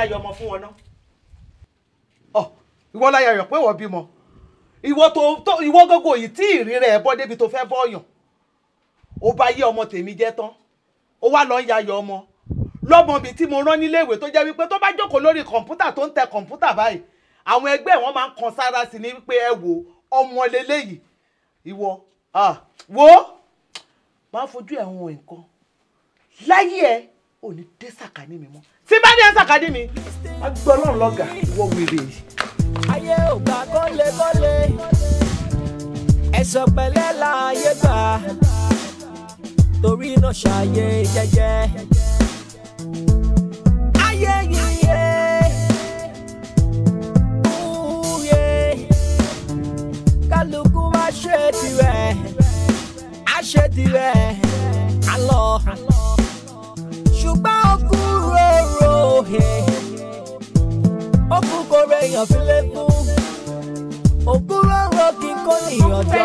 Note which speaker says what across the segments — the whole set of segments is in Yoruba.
Speaker 1: láyà ọmọ fún wọn náà. ọ ìwọ láyà yàn pé wọ́n bímọ ìwọ tó ìwọ gógó yìí tí ìrìn rẹ̀ bọ́ débi tó fẹ́ bọ́ọ̀yàn ó bá yé ọmọ tèmi jẹ́ tán ó wá lọ ń yayọ̀ ọmọ lọ́mọ mi tí mo rán níléèwé tó jẹ́ wípé tó bá jókòó lórí kọ̀ǹpútà tó ń tẹ kọ̀ǹpútà báyìí àwọn ẹgbẹ́ wọn máa ń kan sára sí ni wípé ẹ wò ọmọ lélẹ́yìí ìwọ wo máa fojú ẹ̀ hàn nǹkan láyé ẹ ò ní dé sàkání mi mọ́ tí bá dé ẹ̀sà kàdí mi.
Speaker 2: a gbọ́ ọlọ́run lọ́gà wọ́n wéré ayé ò gbà kọ́lékọ́lé ẹ̀sọ̀ pẹ̀lẹ́ láàyè gbà torí náà ṣàyè jẹ́jẹ́. ayé yìí kálukú má ṣe tirẹ̀ á ṣe tirẹ̀ á lọ ṣùgbọ́n ó rorò he ó kú kó rẹyàn fílẹ fún òkú rọrọ kí kó níyànjọ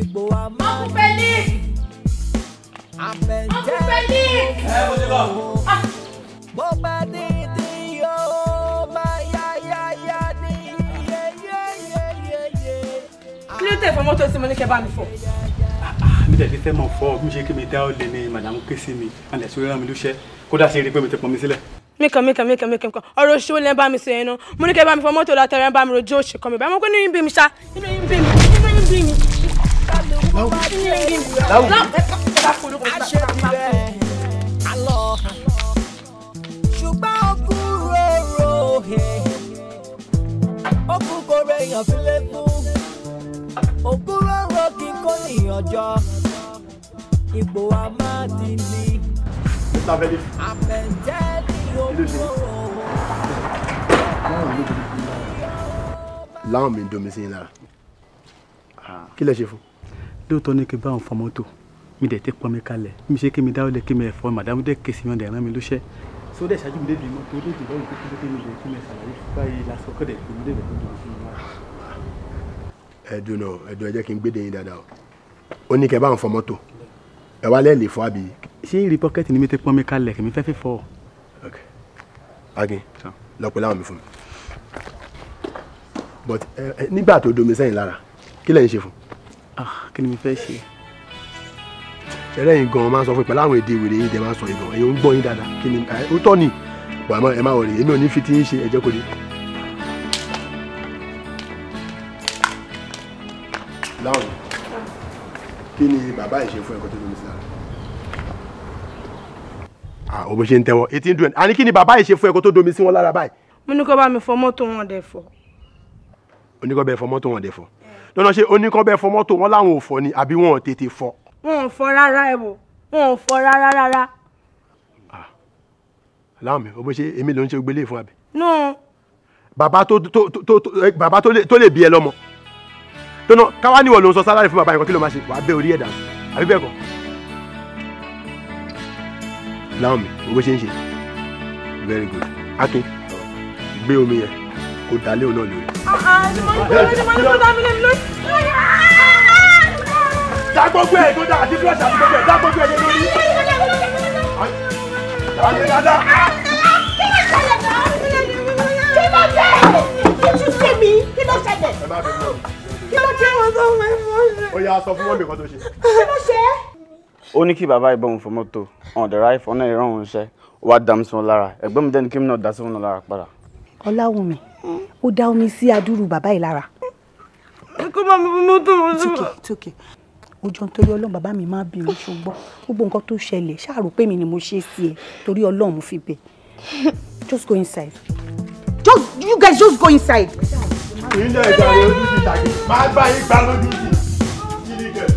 Speaker 2: ipò àmọ́ àfẹ̀jẹ̀ bó bá dé.
Speaker 3: tẹ̀ fọmọ́tò sí mo ní kẹ́ bá mi fọ̀
Speaker 4: dẹ̀ fi fẹ́ mọ̀ fọ́ mi
Speaker 1: ṣe kí mi dá ó lé ní madam ké sí mi and ẹ̀ sórí rán mi lóṣẹ́ kódà ṣe rí i pé mi ti pọn mi sílẹ̀.
Speaker 3: mẹ́kàn mẹ́kàn mẹ́kàn mẹ́kàn kan ọ̀rọ̀ oṣù wo lẹ́ bá mi sọ yẹn náà mo ní kẹ́ bá mi fọ mọ́tò látara ẹ̀ bá mi rojú òṣì kan mi báyìí mo pé nínú yín bí mi ṣá
Speaker 2: nínú yín bí mi nínú yín bí mi. ṣùgbọ́n okùn rorò okùn kò rẹ̀ yàn fílẹ̀ fún òkú rọ̀rọ̀ kí kò níyànjọ́ ipò amáàdì ni. àpẹ̀jẹ́ ni olúwo.
Speaker 1: láwọn mi ń domi sí yín lára kí lẹ ṣe fún. lóòótọ́ ni kí n bá òun fọ mọ́tò mi dẹ̀ tẹ́
Speaker 4: pọ́n mi kalẹ̀ mi ṣe kí mi dáwọ́ lẹ kí mi ẹ̀fọ́ màdàmú dẹ̀ kèsì mi ọ̀dẹ̀ rán mi lóṣẹ́.
Speaker 1: so dẹ̀ ṣáájú mi débi mọ́ torí ìdìbò òun kékeré kí mi lè kí mi ṣàlàyé báyìí lásán kọ́ dẹ̀ kí mi débẹ̀ tó dùn fún mi. ẹ̀dùn náà ẹ̀dùn ẹ jẹ́ kí n gbé dẹ́yìn dáadáa o ó ní kẹ́ bá ń fọ mọ́tò ẹ wá lẹ́ẹ̀lì fún àbí. ṣé ìrì pọ́kẹ́tì ni mi ti pọ́n mi kalẹ̀ kì í fẹ́ fífọ́. ok akin lọ pẹ̀lú àwọn mi fún mi but nígbà tó domi sẹ́yìn lára kí lẹ́yìn ṣe fún.
Speaker 4: Ah, kí ni mi fẹ́ ṣe.
Speaker 1: ṣẹlẹ̀ yìí gan-an máa ń sọ fún pẹ̀lú àwọn èdè ìwèrè yìí dẹ̀ máa ń sọ yìí gan-an èyí ń gbọ́ yín dáadáa kí ni ó tọ́ ni wàá ẹ má wọlé èmi ò ní fi ti ń ṣe ẹ̀jẹ̀ kò dé. láwọn kí ni bàbá ìṣe Ah, o bó ṣe ń tẹ́wọ́ eighteen duen àní kí ni bàbá yìí ṣe fún ẹ kó tó domi sí wọn lára báyìí.
Speaker 3: mo ní kó bá mi fọ mọ́tò wọn dẹ̀ fọ.
Speaker 1: oníkọ́ bẹ́ẹ̀ fọ mọ́tò wọn dẹ̀ fọ. lọ́nà ṣe oníkọ́ bẹ́ẹ̀ fọ mọ́tò wọn láwọn ò fọ ni àbí wọn ò tètè fọ.
Speaker 3: wọn ò fọ rárá ẹ wò wọn ò fọ rárá rárá.
Speaker 1: aláwọ̀ ah. mi o bó ṣe èmi ló ń ṣe gbélé fún abẹ. nù. bàbá tó tó tó eh, bàbá tó lè bí ẹ lọ́mọ. tọ́nà káwá níwọ̀ ló ń sọ sálárì fún bàbá yẹn kó kí ló máa ṣe wàá bẹ́ orí ẹ̀ dànù àbí bẹ́ẹ̀ kọ́ láwọn mi owó ṣe ń ṣe very good akin gbé omi yẹn kó dalé òun náà lórí.
Speaker 2: dá gbogbo ẹ̀ tó dá àti fúlọ̀ṣì àti gbogbo ẹ̀ dá gbogbo ẹ̀ lórí. àti dáadáa. kí ló dé kí tún ṣe mí kí ló ṣẹlẹ̀ kí ló dé wọn tó wọn mọ́ ṣe. ó yá sọ fún wọn mi kan tó ṣe. kí ló ṣe
Speaker 4: ó ní kí bàbá ìbọn òun fọ mọ́tò ọ̀n dẹ̀ra ìfọ̀ náà ìran òun ṣẹ́ ó wá dá mi sí wọn lára ẹ̀gbọ́n mi dẹ́ni kí mi náà dá sí wọn lára padà.
Speaker 5: ọláwùmí ó dá omi sí adúrú bàbá yìí lára.
Speaker 4: kó
Speaker 3: bá mi fọ mọ́tò wọn sí wa.
Speaker 5: tókè ojú ń torí ọlọ́run bàbá mi máa bí mi ṣùgbọ́n gbogbo nǹkan tó ṣẹlẹ̀ ṣàrò pé mi ni mo ṣe sí ẹ torí ọlọ́run fi bẹ̀ just go inside just you guys just go inside.
Speaker 2: ojú ti
Speaker 1: tàgé máa gbá yín gbá lójú ti kí ni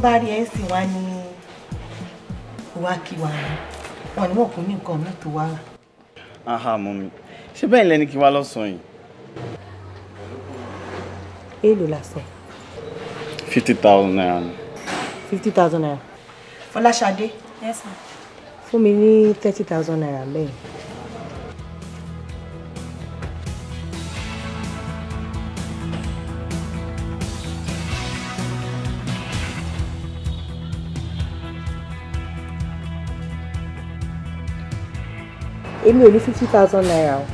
Speaker 5: tó bá rí ẹ̀sìn wá ní ìwákiwà ni wọn ni wọn kò ní nǹkan mi tó wá.
Speaker 4: aha mọ́mí ṣé bẹ́ẹ̀ lẹ́ni kí wá lọ́sàn-án yìí. èèlò lásán. fifty thousand naira ni.
Speaker 5: fifty thousand naira. fọláṣadé. yes sir. fún mi ní thirty thousand naira bẹ́ẹ̀. èmi ò ní fifty thousand naira o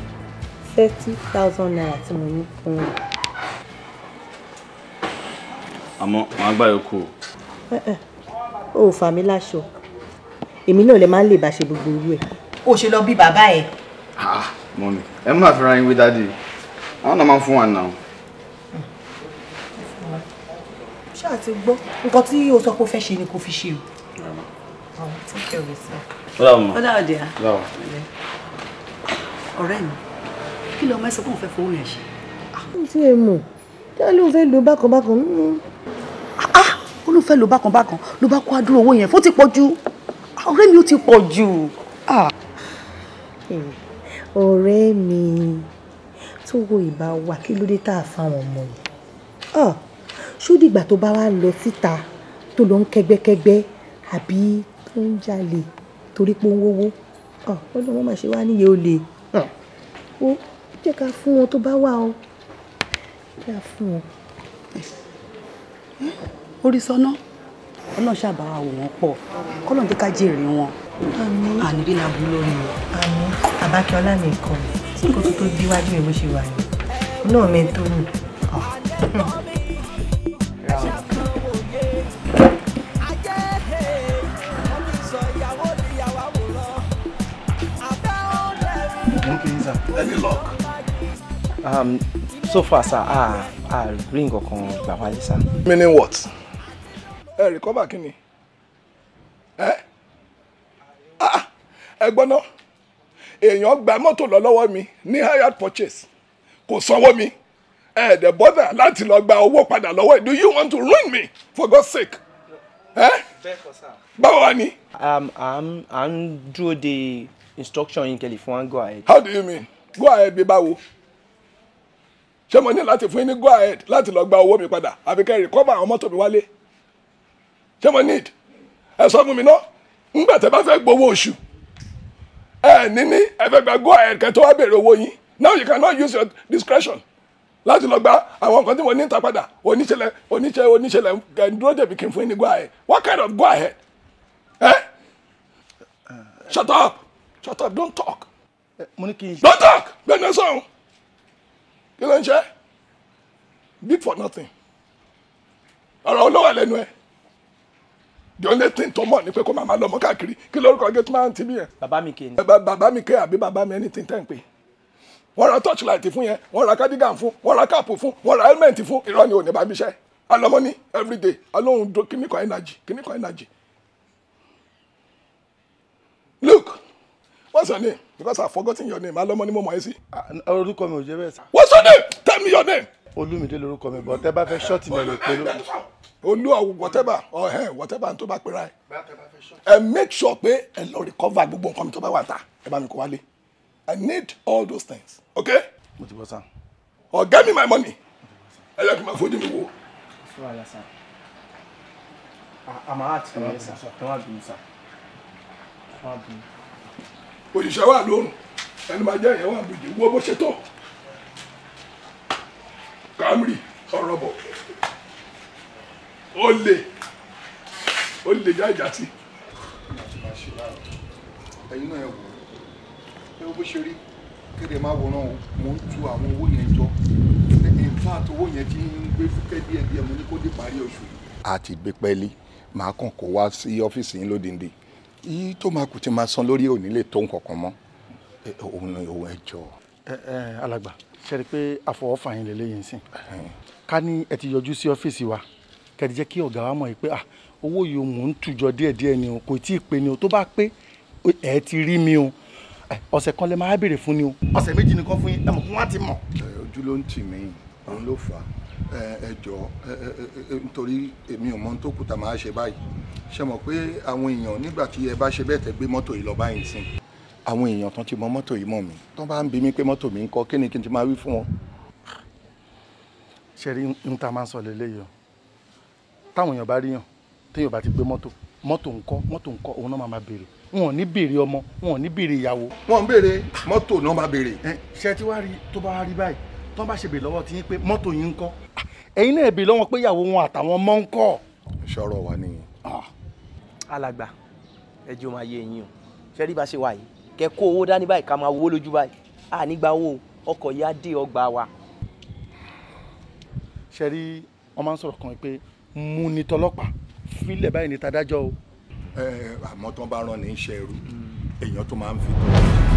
Speaker 5: thirty thousand naira tí mo ní fún un.
Speaker 4: àmọ́ àwọn àgbà yòókù.
Speaker 5: o ò fà mí láṣọ èmi náà lè máa ń lè bá ṣe gbogbo irú ẹ̀. o ṣe lọ bí bàbá ẹ. Ah,
Speaker 4: mọ́mí ẹ má fi ra yín wí dádì àwọn náà máa ń fún wa náà.
Speaker 5: ṣáà ti gbọ́ nǹkan tí o sọ pé o fẹ́ ṣe ni kò fi ṣe o.
Speaker 4: Bravo. Bravo. Bravo. Bravo
Speaker 5: ọ̀rẹ́ mi kí lọ́mọ ẹ sọ pé òun fẹ́ fowó yẹn ṣe. Ah, mo ti ẹ̀ mọ̀ kí wọ́n lóun fẹ́ lo bákan bákan. Hmm. Ah, ah, ó lóun fẹ́ lo bákan bákan ló bá kó adúrò owó yẹn fó ti pọ̀ jù ọ̀rẹ́ mi ó ti pọ̀ jù. ọ̀rẹ́ mi tó wo ìbá wa kí ló dé tá a fáwọn ọmọ yìí ṣó dìgbà tó bá wá lọ síta tó lọ ń kẹgbẹ́kẹgbẹ́ àbí tó ń jalè torí pé ó ń wówó ó ní wọ́n máa ṣe wá níyẹn ó o jẹ́ ká fún wọn tó bá wà ó jẹ́ ká fún wọn. orí sọnà ọlọ́run ṣàbá wa wò wọ́n pọ̀ kọ́lọ́n jẹ́ ká jèrè wọn àní bí la bú lórí wọn. àmín àbákẹ́ọ́lá mi kọ́ mi kó tó tó díwájú mi ṣe wà ní náà mi
Speaker 1: any luck? Um, so far, sir, I I rí nǹkan kan gbà sir. Meaning what? Ẹ recover kí ni? Ẹ ah, ah ẹ gbọ́ ná èèyàn gba mọ́tò lọ lọ́wọ́ mi ní hired purchase kò sanwó mi ẹ dẹ̀ bọ́dà láti lọ gba owó padà lọ́wọ́ do you want to ruin me for God's sake? Eh? báwo wá I'm um, À ń dúró instruction in kẹ́lẹ̀ go ahead. How do you mean? go ahead bí báwo ṣé mo ní láti fún yín ní go ahead láti lọ gba owó mi padà àbí kẹ́ recover àwọn mọ́tò mi wálé ṣé mo need ẹ sọ fún mi náà ńgbà tẹ́ bá fẹ́ gbowó oṣù ẹ níní ẹ fẹ́ gba go ahead kẹ́ tó wá béèrè owó yín now you cannot use your discretion láti lọ gba àwọn nǹkan tí mo ní ta padà oníṣẹlẹ oníṣẹ oníṣẹlẹ dúró dèbí kí n fún yín ní go ahead what kind of go ahead eh? shut up shut up don't talk mo ní kí n. don't talk gbẹ̀gbẹ̀ sọ̀rọ̀ kí ló ń ṣe big for nothing ọ̀rọ̀ olówó ẹlẹ́nu ẹ̀ the only thing tó mọ̀ ni pé kó máa máa lọ ọmọ káàkiri kí lórúkọ gate man ti bí yẹn. bàbá mi kì í. bàbá mi kì í àbí bàbá mi anything tẹ́ ń pè. wọ́n ra torchlight fún yẹn wọ́n ra cardigan fún wọ́n ra cap fún wọ́n ra helmet fún irọ́ ni ò ní bá mi ṣe. alọ́mọ́ ní everyday alóhùn kíníkan energy kíníkan energy What's your name? Because I've forgotten your name. Alọ́mọ ni mo mọ̀ ẹ́ sí. Orúkọ mi ò jẹ́ bẹ́ẹ̀ sá. What's your name? Tell me your name. Olúmídé lorúkọ mi, but ẹ bá fẹ́ ṣọ́ọ̀tì mi lè pẹ̀lú. Olú ọ̀ whatever ọ̀hẹ́ whatever tó bá pera ẹ̀. Ẹ make sure pé ẹ lọ recover gbogbo nǹkan mi tó bá wà ta. Ẹ bá mi kó wálé. I need all those things. Okay? Mo ti bọ́ sir? Or give me my money. Ẹ yẹ kí n máa fojú mi wò. Àmà àti ẹ̀yẹ sá, ẹ má bínú sá, ẹ má bínú òṣìṣẹ́ wà lóòrùn ẹni máa jẹ́ ìyẹn wà bìjì wo bó ṣe tó Camry ọ̀rọ̀ bọ̀ ó lè ó lè já ìjà sí. ẹ̀yin náà ẹ wò ó ẹ bó ṣe rí kéde máa wòran o mò ń tu àwọn owó yẹn jọ in fact owó yẹn ti ń gbé fúkẹ́ díẹ̀ díẹ̀ mo ní kó dé parí oṣù. a ti gbé pẹ́ẹ́lí màá kàn kó wá sí ọ́fíìsì yín lódìndín yìí tó máa kù ti máa san lórí òní lè tó nǹkan kan mọ́ òun ni òun ẹ jọ. ẹ ẹ alàgbà ṣe rí i pé àfọwọ́fà yín lè léyìn sí ká ní ẹ ti yọjú sí ọ́fíìsì wa kẹ́ẹ̀dì jẹ́ kí ọ̀gá wa mọ̀ yìí pé owó yìí mò ń tùjọ díẹ̀díẹ̀ ni o kò tí ì pé ni o tó bá pé ẹ ti rí mi o ọ̀sẹ̀ kan lè máa béèrè fún ni o ọ̀sẹ̀ méjì nìkan fún yín ẹ mọ̀ fún wa ti mọ̀. ojú ló ń tì mí òun ló fà á ẹ jọ nítorí èmi ò mọ ohun tó kù tá máa ṣe báyìí ṣe mọ̀ pé àwọn èèyàn nígbà tí ẹ bá ṣe bẹ́ẹ̀ tẹ́ gbé mọ́tò yìí lọ báyìí sí àwọn èèyàn tán ti mọ mọ́tò yìí mọ̀ mí tán bá ń bi mí pé mọ́tò mi ń kọ́ kí ni kí n ti máa wí fún wọn. ṣe rí n ta máa ń sọ lélẹ́yìí o táwọn èèyàn bá ríyàn téèyàn bá ti gbé mọ́tò mọ́tò ńkọ́ mọ́tò ńkọ́ òun náà máa máa béèrè wọn ò ní béèrè ọmọ wọn ò ní béèrè ìyàwó. wọn ń béèrè mọ́tò náà máa béèrè. ṣe tí wàá rí tó bá rí báyìí tó bá ṣe béèrè lọ́wọ́ ti yín pé mọ́tò yín ńkọ́ ẹ̀yin náà bi lọ́wọ́ pé ìyàwó wọn àtàwọn ọmọ ń kọ́. ìṣòro wa nìyẹn. alàgbà ẹ jẹ́ o máa yé eyín o ṣe rí bá ṣe wà yìí kẹ kó owó dání báyìí ká máa wó lójú báyìí à nígbà wo ọkọ̀ yìí á dé ọgbà wa. ṣe rí wọn máa ń sọ̀rọ̀ kan pé mú ni tọlọ́pàá fílẹ̀ báyìí ni tadájọ́ o. ẹ àmọ́ tán bá rán ní í ṣe irú hmm. èèyàn tó máa ń fi tọ́jú.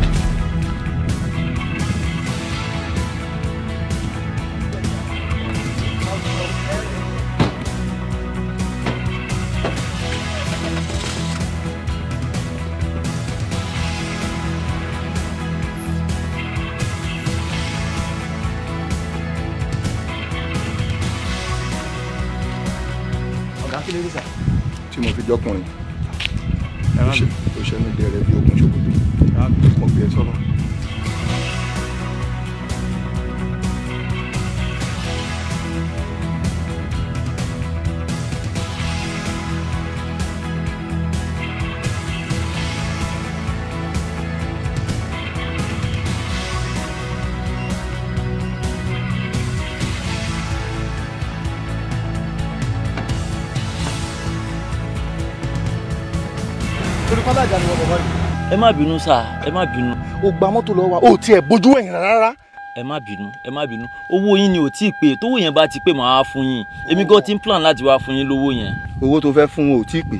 Speaker 6: alájà ni wọ́n bọ̀ báyìí. ẹ má bínú sá ẹ má bínú.
Speaker 1: o gba mọ́tò lọ́wọ́ wa o tiẹ̀ bójú ẹ̀yìn
Speaker 6: rárá. ẹ má bínú ẹ má bínú owó yín ni ò tí ì pé tówó yẹn bá ti pé màá fún yín èmi gan ti ń plan láti wá fún yín lówó yẹn. owó tó fẹ́ fún
Speaker 1: o ò tí ì pé.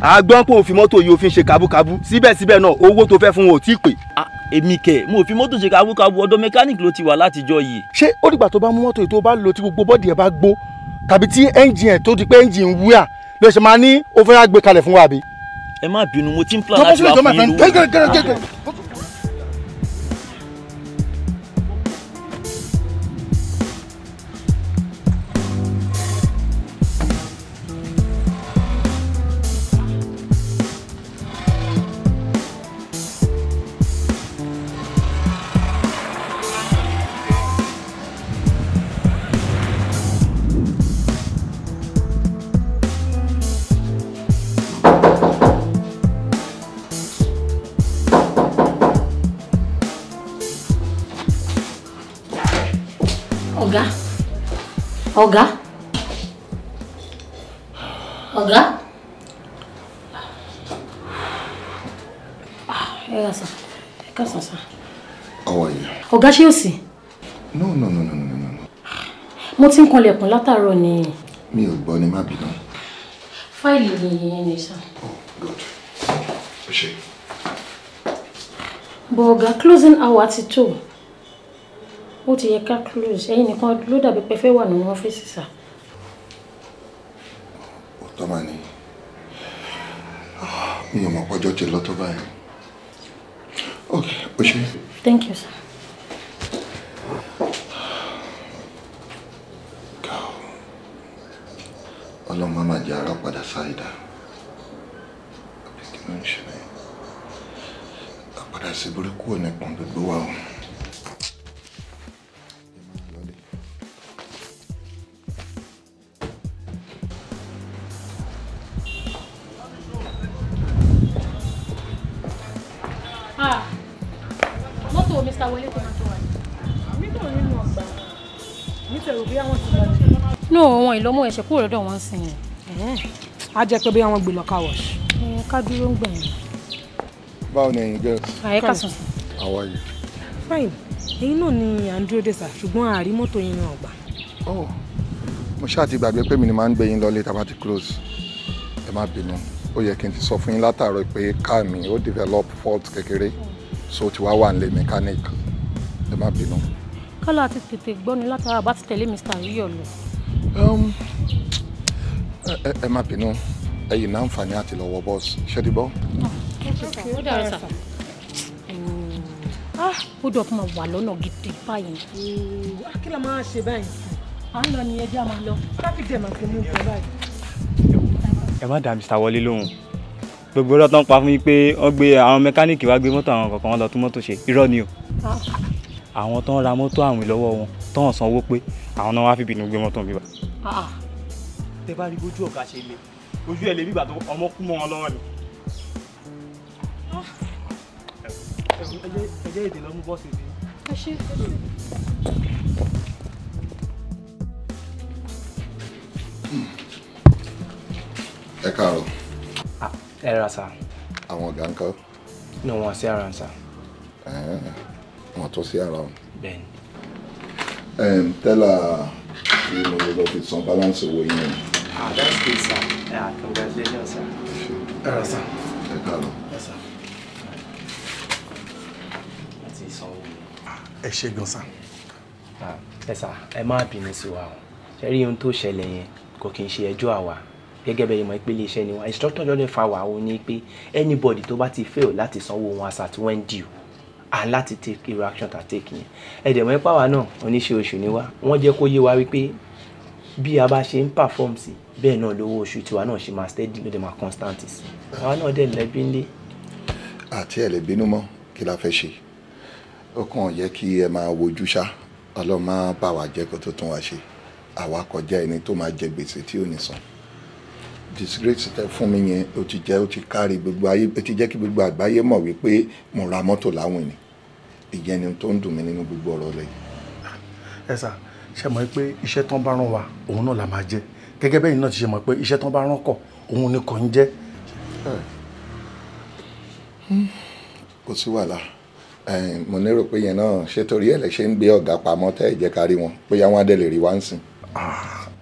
Speaker 1: a gbọ́ pé òfin mọ́tò yìí òfin ṣe kábúkábú síbẹ̀síbẹ̀ náà owó tó fẹ́ fún o ò tí ì pé. èmi kẹ mo fi mọ́tò ṣe kábúkábú ọ̀dọ̀ mẹkáníìkì ló ti wà látijọ́ yìí. ṣé ó dìgbà tó bá mú mọ́tò yìí tó bá lò tí gbogbo bọ́ọ̀dì ẹ̀ bá gbó tàbí tí
Speaker 7: ẹ
Speaker 6: má bínú mo ti ń
Speaker 1: plan láti wá fún yín lówó.
Speaker 8: Oga, ah, oga. ẹ kà sàn ẹ kà sàn sàn. How are you? ọ̀gá ṣé o sì.
Speaker 1: no no no no no no.
Speaker 8: mo ti ń kanlẹ̀kùn látàárọ̀ ni.
Speaker 1: mi ò gbọ́ ni má bínú.
Speaker 8: fáìlì ni ìyẹn ni sàn. oh good ṣe. bọ̀ ọ̀gá closing hour ti tó o ti yẹ ká close ẹ̀yin nìkan ló dàbí pé fẹ́ wà nínú ọ́fíìsì sà.
Speaker 1: òótọ́ mà ní ah, mi ò mọ̀ pọ́jọ́ ti lọ báyìí ok o ṣe. thank you sir. ọlọ́mọ máa jẹ́ ara padà sáìdá
Speaker 2: àbí kí ló ń ṣẹlẹ̀
Speaker 1: àpadà sí burúkú ò ní pọ́n gbogbo wa o.
Speaker 8: wọlé kó máa tó wà ní. mi kò nínú ọgbà mi
Speaker 3: tẹ̀rù bí àwọn ti lọ ní. nù
Speaker 8: wọn ìlọmọ ẹ̀ṣẹ̀ kúrò lọ́dọ̀ wọn sìn yẹn.
Speaker 3: a jẹ́ pé bí àwọn gbé lọ ká wọ̀ ṣe. ká dúró ń gbà yẹn.
Speaker 2: báwo ni ẹ̀yin girls. àyè
Speaker 1: ká sùn. how are you.
Speaker 3: fine ẹ̀yin náà ni à ń dúró dé sà ṣùgbọ́n àárí mọ́tò yín náà gbà. oh
Speaker 1: mo ṣáà ti gbàgbé pé mi ni máa ń gbé yín lọ lé tá a bá ti close ẹ má bínú ó yẹ kí n ti sọ fún yín látàárọ̀ pé káà mi ó develop fault kékeré. Oh so ti wá wà nílé mechanic ẹ má bínú.
Speaker 8: kọ́lá ti tètè gbọ́ ni látara bá ti tẹ̀lé mr rio lọ. Um,
Speaker 1: ẹ má bínú ẹ̀yin náà ń fani àti lọ wọ bọ́ọ̀sì ṣẹ́dí bọ́.
Speaker 8: ó dàrú sà ó dọ̀ fún ma wà lọ́nà gidi báyìí. Ah, kí ló máa ṣe báyìí. à ń lọ ní ẹjọ́ a máa lọ. traffic jam àti mú un bọ̀ báyìí.
Speaker 6: ẹ má dá mr wọlé lóhùn gbogbo ọ̀rọ̀ tán pa fún mi pé wọ́n gbé àwọn mẹkáníìkì wá gbé mọ́tò àwọn kọ̀ọ̀kan wọn lọ tún mọ́tò ṣe irọ́ ni o ah. àwọn tán ra mọ́tò àwìn lọ́wọ́ wọn tán sanwó pé
Speaker 4: àwọn náà wá fi bínú gbé mọ́tò bíbá.
Speaker 1: Ah. tẹ bá rí bójú ọ̀gá ṣe lè ojú ẹ̀ lè bí ìgbà tó ọmọ kú mọ́ wọn lọ́wọ́ ni. Ah.
Speaker 6: ẹ jẹ́ èdè lọ́mú bọ́ọ̀sì mi. ẹ ṣe.
Speaker 1: ẹ káàárọ̀ ẹ ra sà. àwọn ọ̀gá ń kọ́. ní wọn sí ara ń sà. wọn tún sí ara wọn. bẹ́ẹ̀ni. tẹ́lá ni mo lọ fi san balance owó yín. ah that's good sir yeah, congratulations sir. ẹ ra sà. ẹ káàárọ̀. ẹ sà. láti sanwó. ẹ ṣe gan sà. Ah, ẹ sà ẹ má bínú sí wa o ṣe rí ohun tó ṣẹlẹ̀ yẹn kò kí n ṣe ẹjọ́ àwa gẹ́gẹ́ bẹ́ẹ̀ mọ̀ pé iléeṣẹ́ ni wọn instructor Jordan Fowler wọn ni pé anybody tó bá ti fail láti sanwó wọn as at when due a láti take irú action ta take yẹn ẹ̀dẹ̀ mọ̀ ipá wa náà oníṣẹ́ oṣù ni wá wọ́n jẹ́ kó yé wa wípé bí a bá ṣe ń perform sí bẹ́ẹ̀ náà lówó oṣù tiwa náà ṣe máa steady lóde máa constant sí àwa náà dẹ̀ lẹ́bí ńlé. àti ẹ̀ lè bínú mọ́ kí la fẹ́ ṣe ó kàn yẹ kí ẹ máa wojú ṣá ọlọ́run máa bá wa jẹ́ kó tó tún wa ṣe àwa kọjá ẹni tó máa jẹ gbèsè tí ò ní san disgrace tẹ fún mi yẹn o ti jẹ́ o ti kárí gbogbo ayé o ti jẹ́ kí gbogbo àgbáyé mọ̀ wípé mo ra mọ́tò láwìn ni ìyẹn ni tó ń dùn mí nínú gbogbo ọ̀rọ̀ rẹ ẹ sà ṣe mọ̀ pé iṣẹ́ tán bá rán wa òun náà la máa jẹ gẹ́gẹ́ bẹ́ẹ̀ náà ti ṣe mọ̀ pé iṣẹ́ tán bá rán kọ̀ òun ni kò ń jẹ́. kò sí wàhálà mo nérò pé yẹn náà ṣé torí ẹ̀ lẹ ṣe ń gbé ọ̀gá pamọ́ tẹ́ ẹ̀ jẹ́ kárí wọn bóyá wọn á lè rí wá ń sìn.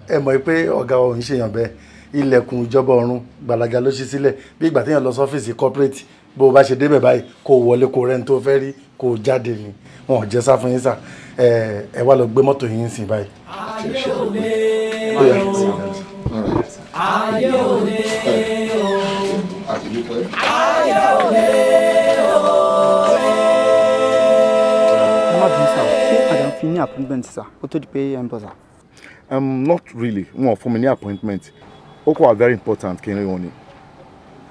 Speaker 1: ẹ mọ̀ pé ọ̀gá ò ń ṣèyàn bẹ́ẹ̀ ilẹ̀kùn ìjọba ọ̀run gbàlàgà ló ṣí sílẹ̀ bí ìgbà téèyàn lọ sọ́fíìsì corporate bó o bá ṣe débẹ̀ báyìí kó o wọlé kó o rẹ́ni tó fẹ́ rí kó o jáde ni wọn ò jẹ́ sá fún yín sà ẹ ẹ wá lọ gbé mọ́tò yín sìn báyìí.
Speaker 2: ayé ò lè o ayé ò lè o ayé ò lè o.
Speaker 4: ẹ má bínú sá o ṣé àdàn fi ní appointment sá kó tó di pé ẹ ń bọ̀ sá.
Speaker 1: Um, not really wọn ò fún mi ní appointment Oko are very important kí n rí wọn ni.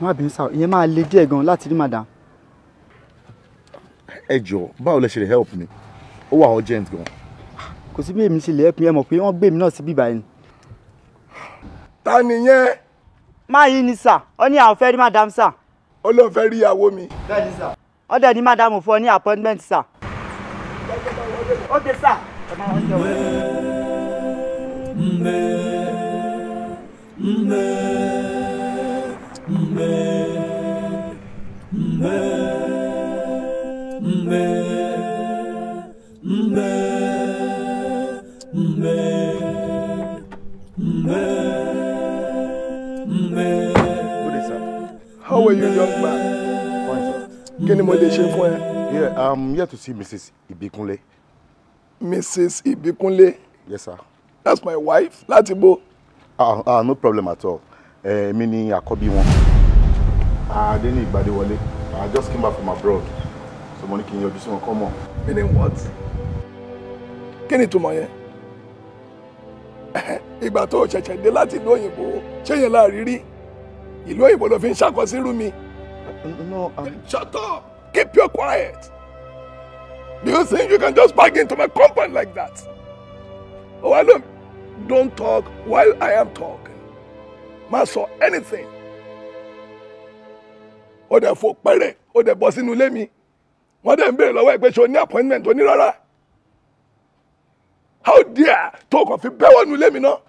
Speaker 1: má bínú sáà ìyẹn máa le díẹ̀ gan láti rí madam. Ejo, jọ báwo lẹ help me. ó wà urgent gan. kò sí bí èmi ṣe lè help mi ẹ mọ̀ pé wọ́n gbé mi náà sí bíbá yẹn. ta ni yẹn. má yí ni sà ó ní àwọn fẹ́ rí madam sà. ó ló fẹ́ rí ìyàwó mi. bẹ́ẹ̀ni sà. ó dẹ̀ ní madam fún ọ ní appointment sa.
Speaker 2: ó dé sà. ẹ máa ń jẹun. How are
Speaker 1: you, young man? Fine, sir. Kí ni mo lè ṣe fún ẹ? Yeah, I'm um, here to see Mrs. Ibikunle. Mrs. Ibikunle? Yes, sir. That's my wife. Latibo ah ah no problem at all eh, èmi eh, ni àkọ́bí wọn. adeni ìgbàdéwọlé i just came back from abroad so mo ní kí n yọjú sí wọn kọ́ mọ̀. meaning what? kí ni ìtumọ̀ yẹn? ìgbà tó ṣẹ̀ṣẹ̀ dé láti ìlú òyìnbó ṣé yẹn láàrin rí ìlú òyìnbó ló fi ń ṣàkọsílù mi. no i'm. shut up keep your quiet do you think you can just bargain to my compound like that? Oh, I don't. Don't talk while I am talking. Má sọ anything. Ó dẹ̀ fò pẹ́rẹ́, ó dẹ̀ bọ́ sínú ilé mi. Wọ́n dẹ̀ ń béèrè lọ́wọ́ ẹ̀ pé ṣé appointment. ní appointment onírọ́rà? How dare tó kàn fi bẹ́wọ̀ nu ilé mi náà?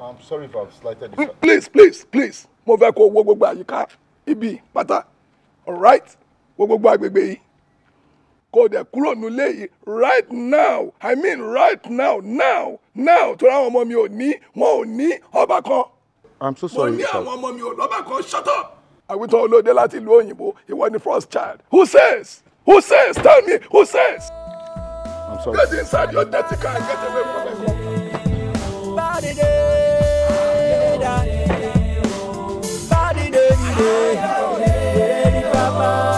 Speaker 1: I'm sorry if I've slighted you. Please, please, please, mo fẹ́ kó wo gbogbo àyíká ibi pátá. All right? Wo gbogbo agbègbè yìí kò dẹ̀ kúrò nílé yìí right now i mean right now now now torí àwọn ọmọ mi ò ní wọn ò ní ọba kan. i'm so sorry mo ní àwọn ọmọ mi ò lọ́ba kan shut up. àwítọ́ olóde láti ìlú òyìnbó ìwọ ni first child who says who says tell me who says. i'm sorry. get inside your dirty car and get away from my car. body
Speaker 2: dey da body dey dey dey papa.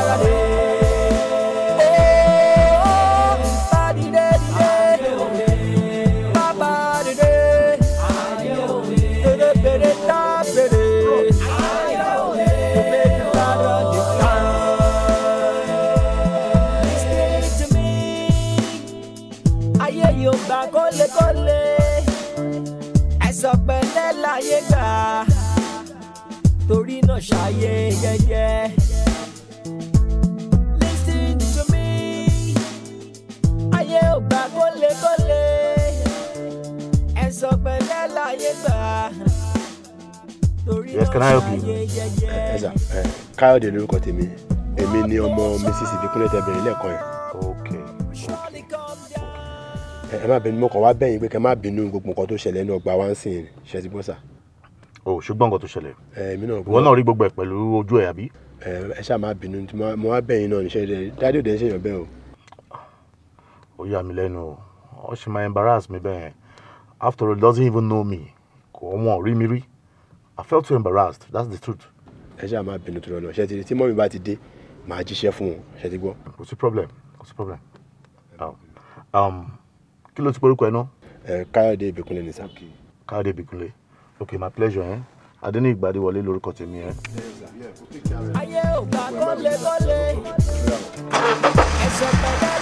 Speaker 2: máa ṣàyè jẹ́jẹ́. Listen to me ayé ò gbà kólékólé ẹ̀sọ́ pẹ̀lẹ́ láyé gbà. Yes, can I help you? Ẹ̀sà eh,
Speaker 1: Káyọ̀dé lórúkọ tèmi èmi ni ọmọ Mrs. Ìbíkúnlé tẹ̀bẹ̀rẹ̀ lẹ́ẹ̀kan yẹn. Okay, okay. Eh, ẹ má bínú mọ́kàn wá bẹ́yìn pé kẹ́ má bínú gbogbo nǹkan tó ṣẹlẹ̀ ní ọgbà wá ń sìn ṣẹ́ ti gbọ́ sà o ṣùgbọ́n nǹkan tó ṣẹlẹ̀ ìwọ náà rí gbogbo ẹ̀ pẹ̀lú ojú ẹ̀ àbí. ẹ ṣáà má bínú mo wá bẹ̀yìn náà níṣẹ́ rẹ̀ dáadé òde ń ṣèyàn bẹ́ẹ̀ o. ó yà mí lẹ́nu o ó ṣì máa embarrass mi bẹ́ẹ̀ after all doesn't even know me kò wọ́n rí mi rí I felt too embarrassed that's the truth. ẹ ṣáà má bínú tó lọ náà ṣe ti tí mọ́mi bá ti dé màá jíṣẹ́ fún wọn ṣe ti gbọ́. kò sí problem kò sí problem oh. um, kí ló ti porúkọ ẹ náà. káyọ̀dé ìbíkúnlé ni sá. káyọ̀dé ìbíkúnlé okay my pleasure eh? I Ìgbádéwọlé need
Speaker 4: body. ẹ.
Speaker 2: ayé ò gbà gọ́légọ́lé ẹ̀sẹ̀ pẹ̀lẹ́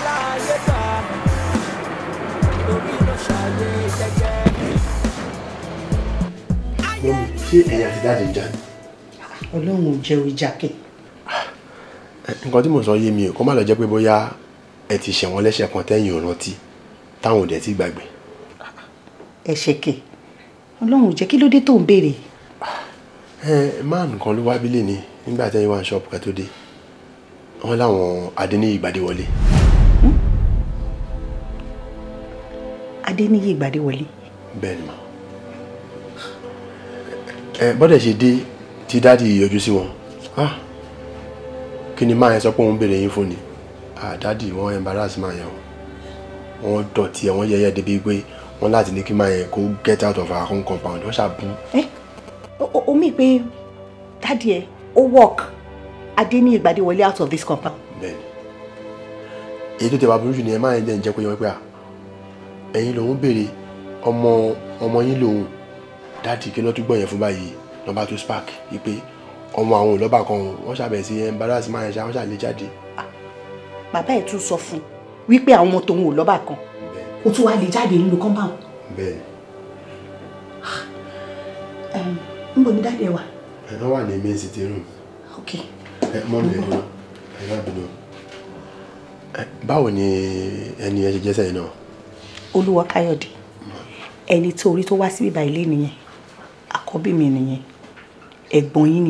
Speaker 1: la ti dáàdì jà ní.
Speaker 5: ọlọ́run ò jẹ́ ìjà kẹ̀.
Speaker 1: Ah, nǹkan tí mo sọ yé mi o kó má lọ jẹ́ pé bóyá ẹ ti ṣẹ̀wọ̀n lẹ́sẹ̀ kan tẹ́yìn ò rántí táwọn ò ti gbàgbé.
Speaker 5: ẹ ṣe kè ọlọ́run jẹ́ kí ló dé tó ń béèrè.
Speaker 1: ẹ máa nìkan ló wábí lè ní nígbà tí ẹyin wá ṣọ́ọ̀bù ká tó dé wọn láwọn adéníyì ìgbàdé wọlé. Hm?
Speaker 5: adéníyì ìgbàdé wọlé.
Speaker 1: bẹ́ẹ̀ ni mà ẹ bọ́dẹ̀ ṣe dé tí dáàdi yọjú sí wọn ah! kí ni máa yẹn sọ pé òun béèrè yín fún ni ah, dáàdi wọn embarrass máa yẹn wọn dọ̀tí ẹ wọn yẹyẹ débi pé wọ́n láti ní kí máa yẹn kó get out of our own compound wọ́n ṣàbù.
Speaker 5: ẹ Omi pe. pé dádì ẹ ó work adé ní ìgbàdé wọlé out of this compound. bẹ́ẹ̀ni
Speaker 1: èyí tó tẹ wá burú jù ni ẹ máa yẹn jẹ ǹjẹ kó yẹ wọn pé à ẹ̀yin lòun béèrè ọmọ ọmọ yín lòun dádì kí ló tún gbọ̀yẹn fún báyìí lọ́ba tó spark yìí pé ọmọ àwọn òlọ́ba kan wọ́n ṣàbẹ̀ sí embarrass máa yẹn ṣá wọ́n ṣàlè jáde. Ah,
Speaker 5: bàbá ẹ̀ tún sọ fún wípé àwọn ọmọ tòun òlọ́ba kan o tún wá lè jáde nínú compound. bẹ́ẹ̀. Ah, n bò ní dáàdi ẹ wà.
Speaker 1: ẹ wà ní main city room. ok. ẹ mọ mi lẹ́nu ẹ báwo ni ẹni ẹ ṣe jẹ́ sẹ́yìn náà.
Speaker 5: olúwa káyọ̀dé ẹni tó orí tó wá nìyẹn àkọ́bí mi nìyẹn ẹ̀gbọ́n yín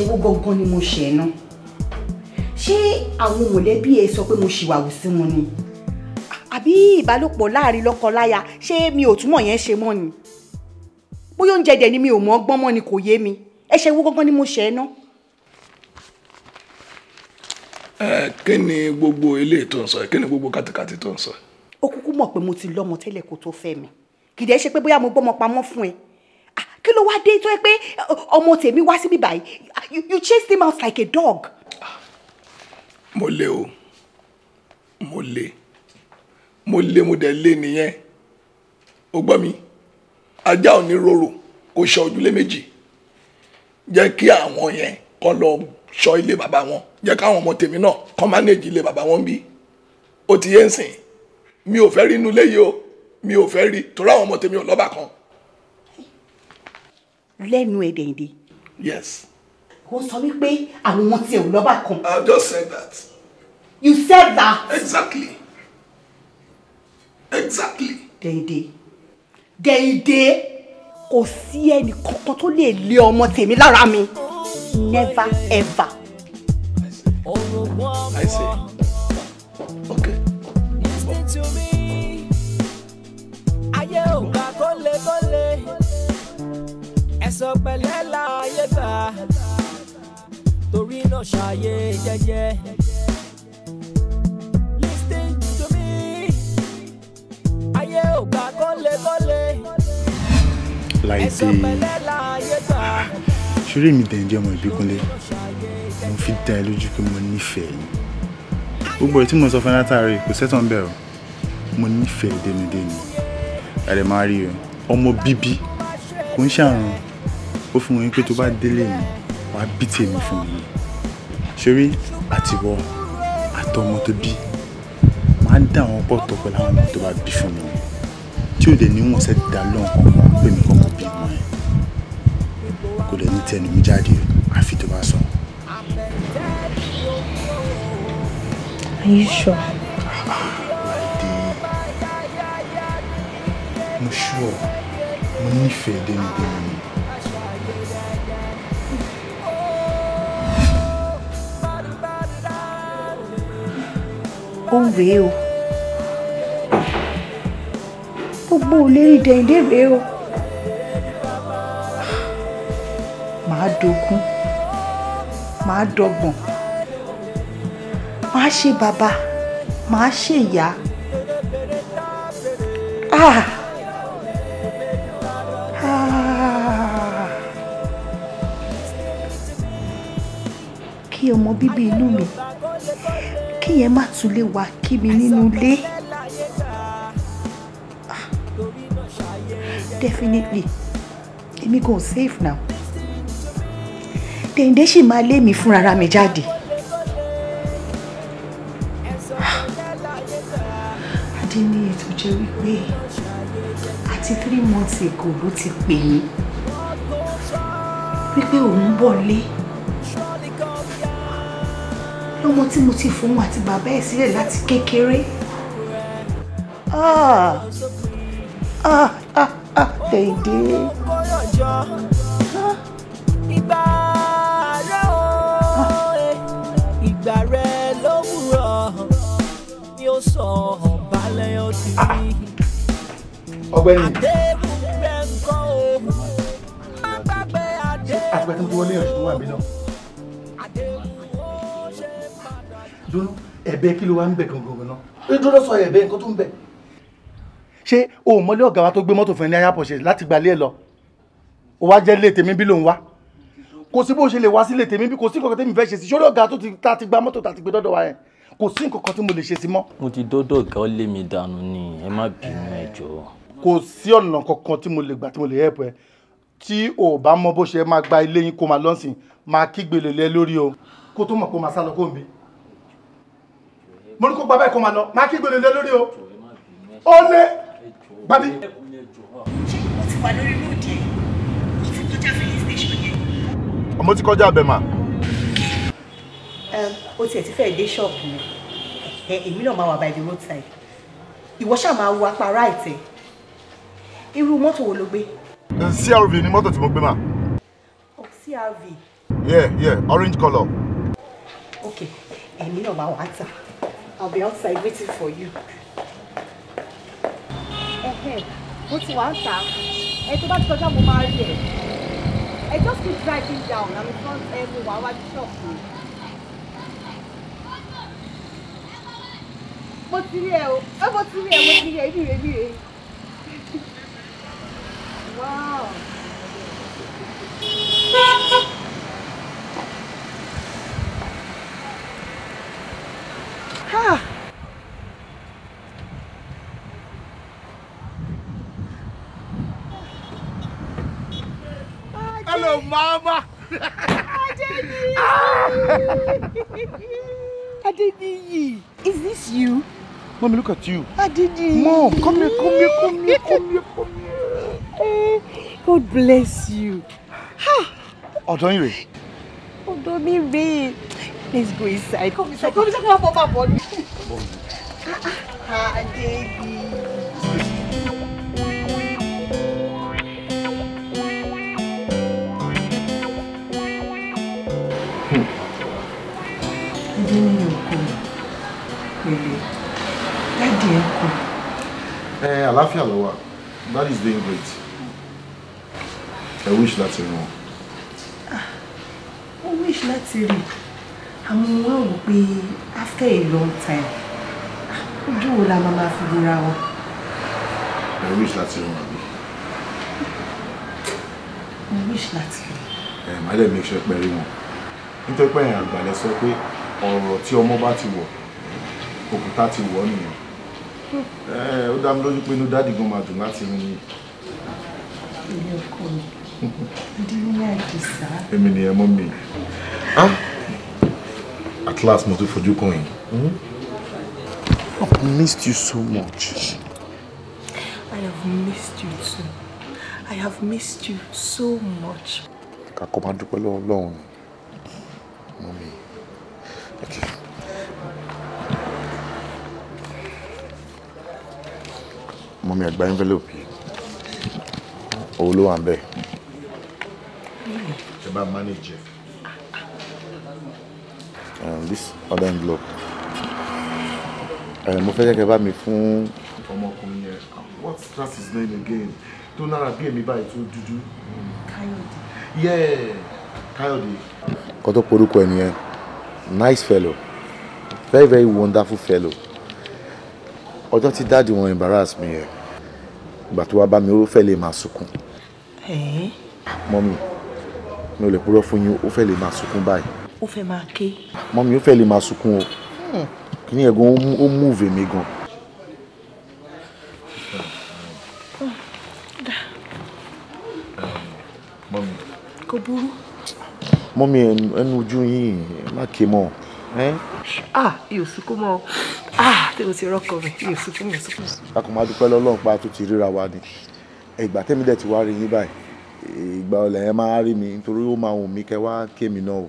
Speaker 5: ẹ̀ṣẹ̀ wo gangan ni mo ṣẹ̀ náà ṣé àwọn mọ̀lẹ́bí ẹ sọ pé mo ṣìwàwù sí wọn ni àbí ìbálòpọ̀ láàrin lọ́kọ-láya ṣé mi ò túmọ̀ yẹn ṣe mọ́ ni bóyá oúnjẹ dẹ̀ ni mi ò mọ̀ ọgbọ́n mọ́ ni kò yé mi ẹ̀ṣẹ̀ wo gangan ni mo ṣẹ̀ náà.
Speaker 1: ẹ kí ni gbogbo ilé tó ń sọ kí ni gbogbo kàtìkàtì tó ń sọ.
Speaker 5: ó kúkú mọ̀ pé mo ti lọ́mọ tẹ́lẹ̀ kó tó fẹ́ mi kìdẹ́ ṣe pé bóyá mo gbọ́mọ pamọ́ fún ẹ kí ló wá dé tó yẹ pé ọmọ tèmi wá síbí báyìí you chase them out like a dog.
Speaker 1: mo lé o mo lé mo lé mo dẹ̀ lé nìyẹn o gbọ́ mi ajá ò ní rorò kò ṣọ ojúlé méjì jẹ́ kí àwọn yẹn kọ́ lọ ṣọ́ ilé bàbá wọn jẹ́ káwọn ọmọ tèmi náà kọ́ mánéèjì ilé bàbá wọn bí ó ti yé sìn mi ò fẹ́ rí inú ilé yìí o mi ò fẹ́ rí torí àwọn ọmọ tèmi ò lọ́bà kan
Speaker 5: lẹ́nu ẹ̀ dẹ̀yìndé. yes. wọ́n sọ wípé àwọn ọmọ tiẹ̀ ò lọ́ba kan. I uh, just said that. you said that. exactly. exactly. dẹ̀yìndé dẹ̀yìndé kò sí ẹnì kankan tó lè lé ọmọ tèmi lára mi never ever.
Speaker 2: I see. Okay. Ayé ò ìsọpẹlẹ láàyè gbà torí náà ṣàyè jẹ́jẹ́. listen to me ayé ò gbà kọ́lékọ́lé
Speaker 1: ìsọpẹlẹ
Speaker 2: láàyè gbà.
Speaker 1: ṣúrí mi dẹ̀ǹdẹ̀ ọmọ ìbíkúnlé mo fi dá ẹ lójú pé mo nífẹ̀ẹ́ yìí gbogbo èyí tí mo sọ fún ẹ látàrí kò sẹ́tàn bẹ́ẹ̀ o mo nífẹ̀ẹ́ dénudénu ẹ̀rẹ̀ máa rí ọmọ bíbí kò ń ṣàrùn ó fún mi pé tó bá délé mi wàá bí tèmi fún mi ṣorí àtiwọ àtọmọ tó bí máa dá àwọn pọ̀tọ̀ pẹ̀lú àwọn ọmọ tó bá bí fún mi tí ò dé ní wọn ṣe dá lọ́nkàn wọn pé mi kọ́kọ́ bí wọn ẹ̀ kò lè ní tẹnu mi jáde àfi tó bá sọ.
Speaker 5: Are you sure? Láìdé,
Speaker 1: mo ṣúọ̀, mo nífẹ̀ẹ́ dénúdénú.
Speaker 5: òǹwé o gbogbo òlérí dẹ̀yìndé rèé o màá dogun màá dọgbọ̀n màá ṣe bàbá màá ṣe ìyá ah ah kí ọmọ bíbí inú mi kíyẹn má tún lè wá kí mi nínú ilé. Ah, definitely èmi kò safe now Dèyìndé sì máa lé mi fúnra mi jáde. Ah, Adéníyì tó jẹ́ wípé àti three months ago ló ti pè mí wípé òun bọ̀ lé lọ́mọ tí mo ti fòun àti bàbá ẹ̀ sílẹ̀ láti kékeré. Ah ah ah ah dèdè.
Speaker 2: Ah. Ìgbà rẹ̀ o, ìgbà ah. rẹ̀ lówùrọ̀, ọ̀ṣun
Speaker 1: wà mí náà. ẹ̀bẹ̀ kí ló wá ń bẹ̀ gangan náà ẹ dúró sọ ẹ̀bẹ̀ nǹkan tó ń bẹ̀. ṣé o ò mọlé ọ̀gá wa tó gbé mọ́tò fún ẹ ní aya pọ̀ṣẹ̀ láti gbalẹ̀ ẹ lọ o wá jẹ́ lé tèmi bí lòun wá kò sí bó ṣe lè wá sílé tèmi bí kò sí nǹkan tèmi fẹ́ ṣe sí sórí ọ̀gá tó ti gba mọ́tò tá ti gbé dọ́dọ̀ wa yẹn kò sí nǹkan tí mo lè ṣe sí mọ́.
Speaker 6: mo ti dọ́dọ̀ ọ̀gá ó lé mi dànù ni ẹ má bínú ẹ jọ̀ọ́.
Speaker 1: kò sí ọ̀nà kankan tí mo lè gbà tí mo lè help ẹ tí o ò bá mọ bó ṣe máa gba ilé yín kó máa lọ́sìn máa kígbe lè lẹ lórí o kó tó mọ̀ kó máa sá lọ kó ń bí mo ní kó gba báyìí kó máa lọ máa kí gbèrè lé lórí o ó lé gbàbí. mo ti wà lórí lóòdì ẹ̀ mo ọmọ ti kọjá abẹ mà.
Speaker 5: o tiẹ̀ ti fẹ́ẹ̀ dé ṣọ́ọ̀bù mi èmi náà máa wà by the roadside ìwọ ṣáà máa wo apá right ẹ irú mọ́tò wo ló gbé. crv ni
Speaker 1: mọ́tò tí mo gbé mà.
Speaker 5: oh crv.
Speaker 1: yeah yeah orange colour.
Speaker 5: okay èmi náà máa wà á tà. I'll be outside waiting for you. Okay. What's ti wá ń ta. Ẹ tó bá ti kọjá mo I just keep driving down. I'm in front ẹ mo wà wájú ṣọ́ọ̀bù. Mo ti rí ẹ here. Ẹ mo ti rí ẹ mo ti Wow. Mama! Adeniyi! Is this you?
Speaker 1: Mommy, look at you.
Speaker 5: Adeniyi! Mom, come here, come here, come here, come here, come here. God bless you. Ha. Ọ̀dọ̀ yín rèé. Ọ̀dọ̀ mi rèé. Let's go inside. Come inside. Come inside. Come inside. Come inside. Come inside. Come ah, inside.
Speaker 2: Ah. Ah,
Speaker 1: ẹ eh, àlàáfíà ló wà that is doing great
Speaker 5: i wish láti you know. Ah, I wish láti you know. ọmọ wọn wò pé after a long time ojú wo la máa figure out.
Speaker 1: i wish láti you know.
Speaker 5: i wish láti rí.
Speaker 1: ẹ eh, má dẹ̀ make sure pé rí wọn nítorí pé àgbàlẹ̀ sọ pé ọ̀rọ̀ tí ọmọ bá ti wọ̀ òkúta ti wọ̀ nìyẹn. Eh, ó dá mi lójú pé inú dáàdì gan máa dùn láti rí yín. èmi ni ẹ mọ mi ah! at last mo tún fojú kan yìí. Hmm? I've missed you so much.
Speaker 5: I have missed you too. I have missed you so much.
Speaker 1: Kàkọ́ máa dúpẹ́ lọ́wọ́ Ọlọ́run. Mọ́mí. Okay. mo mi àgbá envelope yìí owó ló wà ń bẹ̀. ṣe bá manage ẹ. Um, this other envelope um, mo fẹ́ jẹ́ kẹ́ bá mi fún. ọmọkùnrin yẹn what's that his name again tó lára bí èmi báyìí tó dúdú. káyọ̀dé. yeah káyọ̀dé. kọ́ tó porúkọ ẹ̀ nìyẹn nice fellow very very wonderful fellow ọjọ́ tí dáàdi wọn embarrass mi yẹn ìgbà tó wá bá mi ó fẹ́ lè máa sunkún. Eh? mọ́mí mi ò lè purọ́ fún yín ó fẹ́ lè máa sunkún báyìí.
Speaker 5: ó fẹ́ máa ké.
Speaker 1: mọ́mí ó fẹ́ lè máa sunkún o hmm. kìíní ẹ̀gbọ́n ó múùvè mi gan.
Speaker 5: mọ́mí. kò burú.
Speaker 1: mọ́mí ẹnu ojú yín má ké mọ́. Eh?
Speaker 5: ah yóò sunkún mọ́ ọ ah tí mo ti rọ́kọ rẹ̀ mi ò sunkún mi ò sunkún.
Speaker 1: a kò máa dúpẹ́ lọ́lọ́run pa tó ti ríra wa ni ìgbà tẹ́mi dẹ̀ ti wá rí yín báyìí ìgbà ọ̀lẹ̀ yẹn máa rí mi nítorí ó máa hùn mí kẹ́ wá kémi náà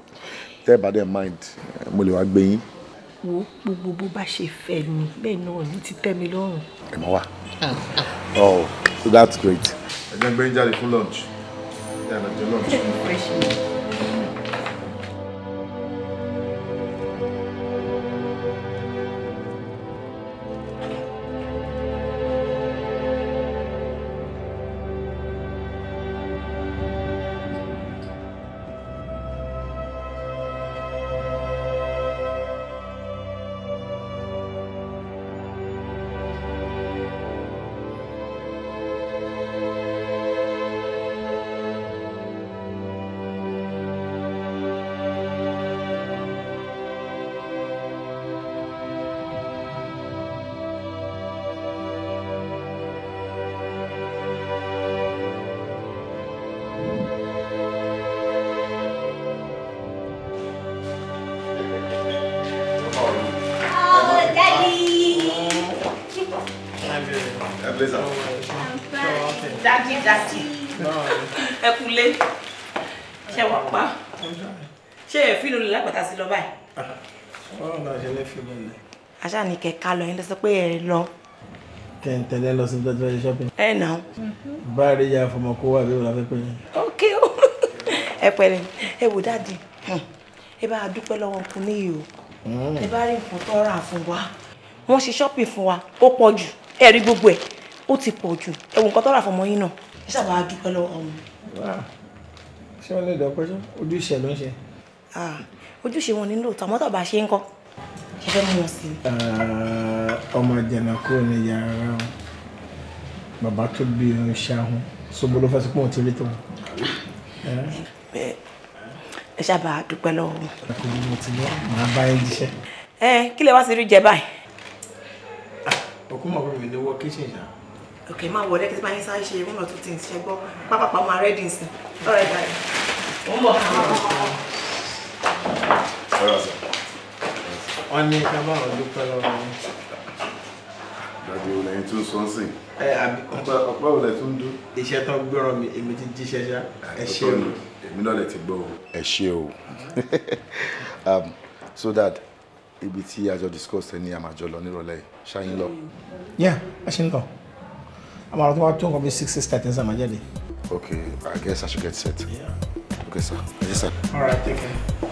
Speaker 1: tẹ́ bá dẹ̀ mind mo lè wá gbé yín.
Speaker 5: wo gbogbo bó bá ṣe fẹ́ mi bẹ́ẹ̀ náà ní ti tẹ́ mi lọ́rùn.
Speaker 1: ẹ mọ wa ah, ah. oh that's great. ẹ jẹ́ gbé jáde fún lunch.
Speaker 8: Yeah, lunch. kẹ
Speaker 5: ká lọ yẹn lọ sọ pé ẹ lọ.
Speaker 1: kẹ́ ń tẹ̀lé lọ sí ibi tó ti fẹ́ ṣe shopping. ẹ nà ó. báyìí ya fọmọ kó wà bí wọn fẹ́ pè é. ok o
Speaker 5: ẹ pẹ̀lẹ́ ẹ wò dáàdi hmm. ẹ bá a dúpẹ́ lọ́wọ́ nǹkan níyì o hmm. ẹ bá rí nǹkan tó rà fún wa wọ́n ṣe shopping fún wa ó pọ̀ jù ẹ rí gbogbo ẹ̀ ó ti pọ̀ jù ẹ wò nǹkan tó rà fún ọmọ yín náà ẹ ṣàbà a dúpẹ́ lọ́wọ́ ọmọ.
Speaker 8: ṣé wọn lè dọ̀pẹ́ sọ ojúṣe ló ń ṣe. Ah. ojúṣe wọn ni lóòótọ́ àmọ́ tó bá ṣe ń kọ́
Speaker 5: ṣe fẹ́ mú wọn sí.
Speaker 1: ọmọ ìjànà kúrò ní yàrá bàbá tó bí o ṣáhùn ṣòbó ló fẹ́ sọ pé òun ti rí tòun.
Speaker 5: ẹ ṣàbà dúpẹ́ lọ́wọ́ mi.
Speaker 6: ọkùnrin mo ti lọ màá bá yín jíṣẹ́.
Speaker 5: ẹ kí lè wá sí irú jẹ báyìí. Ah, òkú mọ̀ pé mi ní wọ kíṣìn yá. òkè máa wọlé kí n máa yín sáré ṣe one or two things ṣe gbọ́ pápápá máa rẹ́dí nsìn lọ́rọ̀ ẹ̀ dáadáa. mo ń bọ̀.
Speaker 1: ọ̀rọ̀ sọ wọ́n ní ká bá wọn dúpẹ́ lọ́wọ́ wọn. dàbí òun lẹ́yìn tó ń sọ ń sìn. ẹ àbí ọ̀pá òun lẹ mi èmi ti jíṣẹ́ ṣá ẹ ṣe o. èmi náà lè ti gbọ́ o. ẹ ṣe o um, so that, ibi tí àjọ discuss ẹ ní àmàjọ lọ nírọ̀lẹ́ yìí ṣáyín lọ. yẹ́n a ṣe ń lọ àwọn ọ̀rọ̀ tó wá tó nǹkan bíi six six thirty ń sàmájáde. okay i guess i should get set. Yeah. okay sir. yes sir.
Speaker 4: all right take care.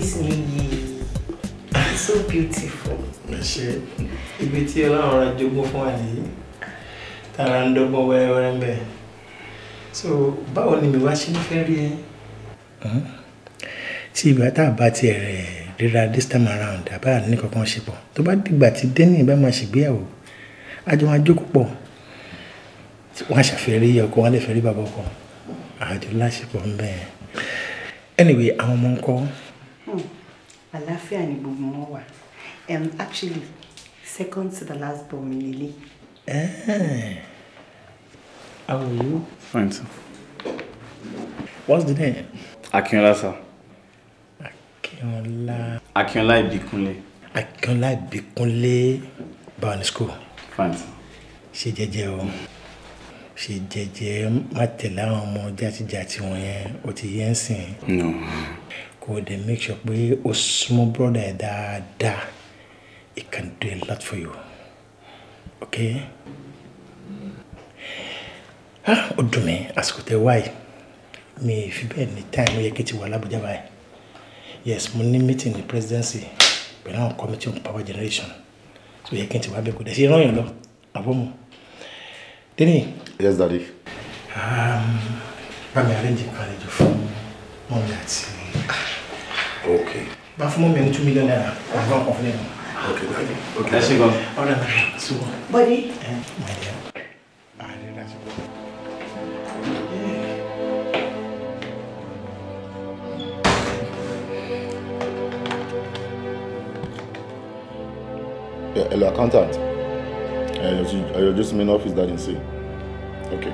Speaker 5: face mi yìí so beautiful. ṣe
Speaker 1: ibi tí ọlọ́run ra jogún fún wa nìyí tara ń dọ́gbọ́n wẹ́rẹ́wẹ́rẹ́ ń bẹ̀ so báwo ni mi wá ṣe ń fẹ́ rí ẹ. tí ìgbà tá a bá tiẹ̀ rẹ̀ ríra this time around àbá ní kankan ṣe pọ̀ tó bá dìgbà tí dẹ́nì bá máa ṣègbéyàwó àjọ máa jókòó pọ̀ wọ́n á ṣàfẹ́rí ọkọ wọn lè fẹ́ rí bàbá ọkọ àjọ láṣepọ̀ ń bẹ̀ anyway àwọn ọmọ
Speaker 7: ń
Speaker 5: àlàáfíà ni gbogbo wọn wà um, actually second to the last born mi Eh?
Speaker 7: how are
Speaker 1: you? fine sir. what's the name?
Speaker 4: Akínọlá sir. Akínọlá. Akínọlá Ìbíkúnlé. Akínọlá Ìbíkúnlé báwo ni school. fine sir. ṣe jẹ́jẹ́ o ṣe
Speaker 1: jẹ́jẹ́ má tẹ̀lé àwọn ọmọ játijàti wọ̀nyẹn o ti yẹn sìn. no kó dẹ̀ make sure pé o small brother ẹ dáadáa it can do a lot for you okay. ah ó dùn mí àsìkò tẹ wáyé mi ì fi bẹ́ẹ̀ ní time yẹ kí n ti wà lábújá báyìí yes mo ní meeting ní presidency pẹ̀lú àwọn committee on power generation so yẹ kí n ti wá bẹ́ẹ̀ kó dẹ̀ sí ìran yẹn lọ àbọ̀ mu. Denny. yes daddy. Um, bá mi arrange ìkàlejò fún mọ́mí àti. Okay. But for moment, two million naira. I'm not complaining.
Speaker 6: Okay, okay. Okay. Let's go. All right, so. Buddy. Eh, my dear. Ah, let's go.
Speaker 1: Yeah, hello, accountant. Uh, you're uh, just main office that in C. Okay.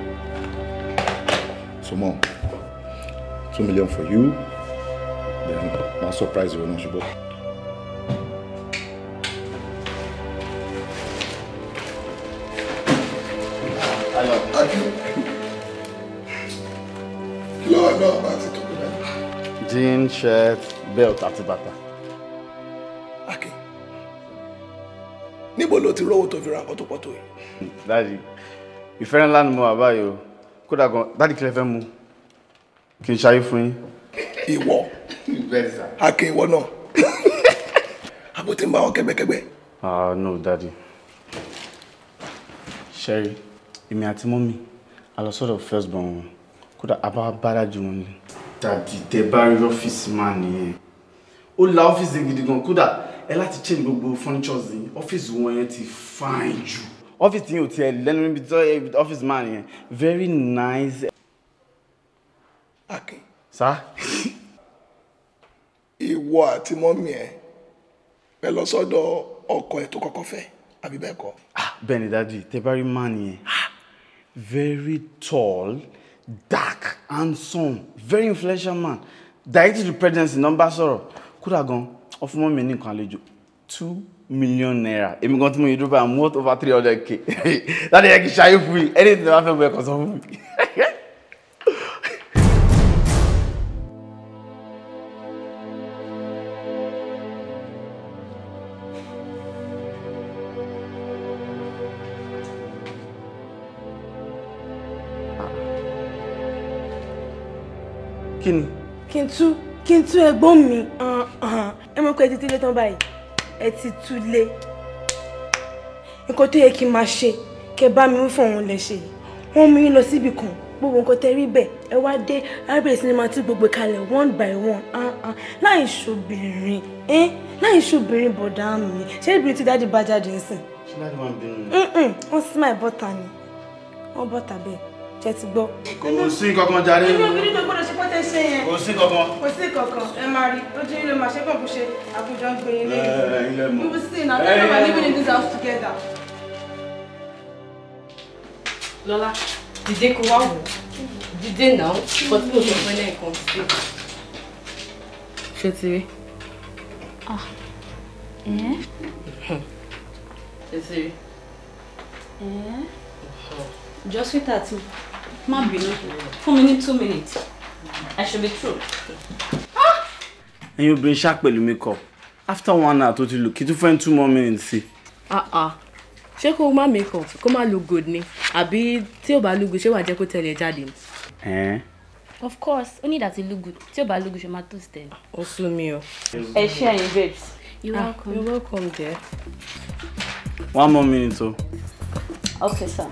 Speaker 1: So, mom, two million for you. Then máa surprise ìwọ náà ṣùgbọ́n. kí ló wà náà bá ti tó
Speaker 4: jean shirt belt àti bàtà. Akin
Speaker 1: níbo ló ti rówó tó fi ra pọ́tòpọ́tò yìí.
Speaker 4: dáàdi ìfẹ́ ńlá ni mo wà báyìí o kódà gan dáàdi kí lè fẹ́ mu kí n ṣayé fún yín
Speaker 1: bẹ́ẹ̀ sà. akin ìwọ náà àbò tí ń bá wọn kẹ́gbẹ́kẹ́gbẹ́.
Speaker 4: ah no daddy sherry you èmi mommy. I a lọ sọ́dọ̀ first born wọn kódà abá bára jù wọn Daddy, the tẹ bá rí ọ́fíìsì máa nìyẹn office la ọ́fíìsì gidi gan kódà ẹ láti change gbogbo furnitures yìí Office wọn yẹn ti fine jù. ọ́fíìsì yìí ò tiẹ̀ lẹ́nu níbi tí ọ́fíìsì máa nìyẹn very nice. Okay. Sir.
Speaker 1: ìwọ àti mọ́mí ẹ̀ ẹ lọ sọ́dọ̀ ọkọ ẹ̀ tó kọ́kọ́ fẹ́ àbí bẹ́ẹ̀ kọ́.
Speaker 4: Ah, bẹ́ẹ̀ ni dadi tẹ bá man yẹn ah, very tall dark handsome very influential man directed to presidency nọ́mbà sọ̀rọ̀ kódà gan ọfún mọ́mí nìkan àlejò two million naira èmi gan tí mo yẹ dúró báyìí i'm worth over three hundred k láti yẹ kí ṣayé fún mi anything tí wọ́n fẹ́ bọ̀ ẹ̀kọ́ sọ fún mi. kí ni.
Speaker 3: kí n tú kí n tú ẹ̀gbọ́n mi ẹ mọ̀ pé ẹ ti túlé tán báyìí ẹ ti túlé nǹkan tó yẹ kí n máa ṣe kẹ bá mi mú fún òun lẹ ṣe wọn mú yín lọ síbi kan gbogbo nǹkan tẹ rí bẹ́ẹ̀ ẹ wá dé arábìnrin sinimá tí gbogbo kalẹ̀ one by one láì ṣobìnrin láì ṣobìnrin bọ̀dá mi ṣé ibìrin tí dáàdi bá jáde ń sìn.
Speaker 4: ṣé dáàdi máa ń bínú.
Speaker 3: wọ́n sì máa bọ́ta ni wọ́n bọ́ta bẹ́ẹ̀ jẹ́ ti
Speaker 4: gbọ́. kò sí kankan jàre. inú obìnrin tó
Speaker 3: gbọ́dọ̀ ṣe pọ́tẹ́ ṣe yẹn. kò sí kankan. kò sí kankan ẹ máa rí ojú ilé máa ṣe kọ̀ọ̀kan ṣe àbújá ń gbé ilé. ẹ ilé mọ. you see na tell me living in this house together. lọ́lá dìde kó wá wò dìde náà kó tí mo sọ fún ẹ sí. ṣé ti rí. Ah. ṣé ti rí. jọ́sítà ti wà.
Speaker 8: Má bínú. Fún mi two minutes. I should be through. Ah!
Speaker 4: And Ẹ̀yin obìnrin ṣá pẹ̀lú makeup. After one hour totally look. lò, kí tún two more minutes
Speaker 8: ah, ah Ṣé kó my makeup Come má look good ne? Àbí tí ò look good She wa jẹ́ kó tẹ̀lé jáde ni? Ẹ̀ẹ́n. Of course, Only that láti look good. Tí ò look good she ma tó sí
Speaker 3: Also me, oh. mi o. Ẹ ṣe babes.
Speaker 8: You're ah. welcome. You're
Speaker 3: welcome dear.
Speaker 4: One more minute o.
Speaker 8: Okay sir.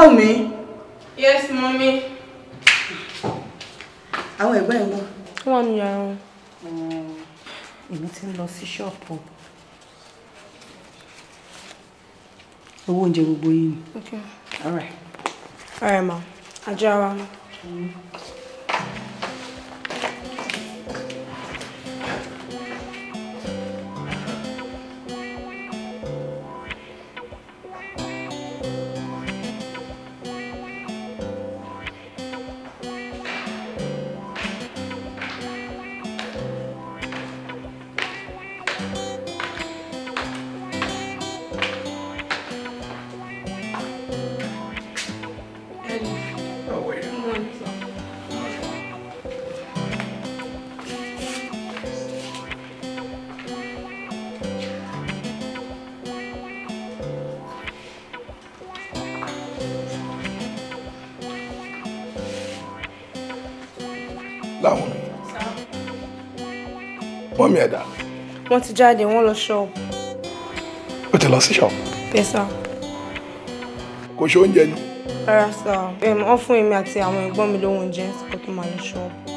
Speaker 3: Wumi. Yes, mommy. Àwọn ẹ̀gbọ́n ẹ̀ wọ́n. Wọ́n ní yàrá wọn. Mm, èmi ti ń lọ sí ṣọ́ọ̀pù.
Speaker 5: Owó oúnjẹ gbogbo yìí ni. Okay. All right.
Speaker 3: All right, ma. Àjọ ara. Mm. ti jáde wọ́n lọ ṣọ́ọ̀bù.
Speaker 1: o ti lọ sí ṣọ́ọ̀bù. bẹ́ẹ̀ sà. kò
Speaker 3: ṣe oúnjẹ ni. rárá sà wọ́n fún èmi àti àwọn ẹ̀gbọ́n mi lóhun oúnjẹ kó tó máa lọ ṣọ́ọ̀bù.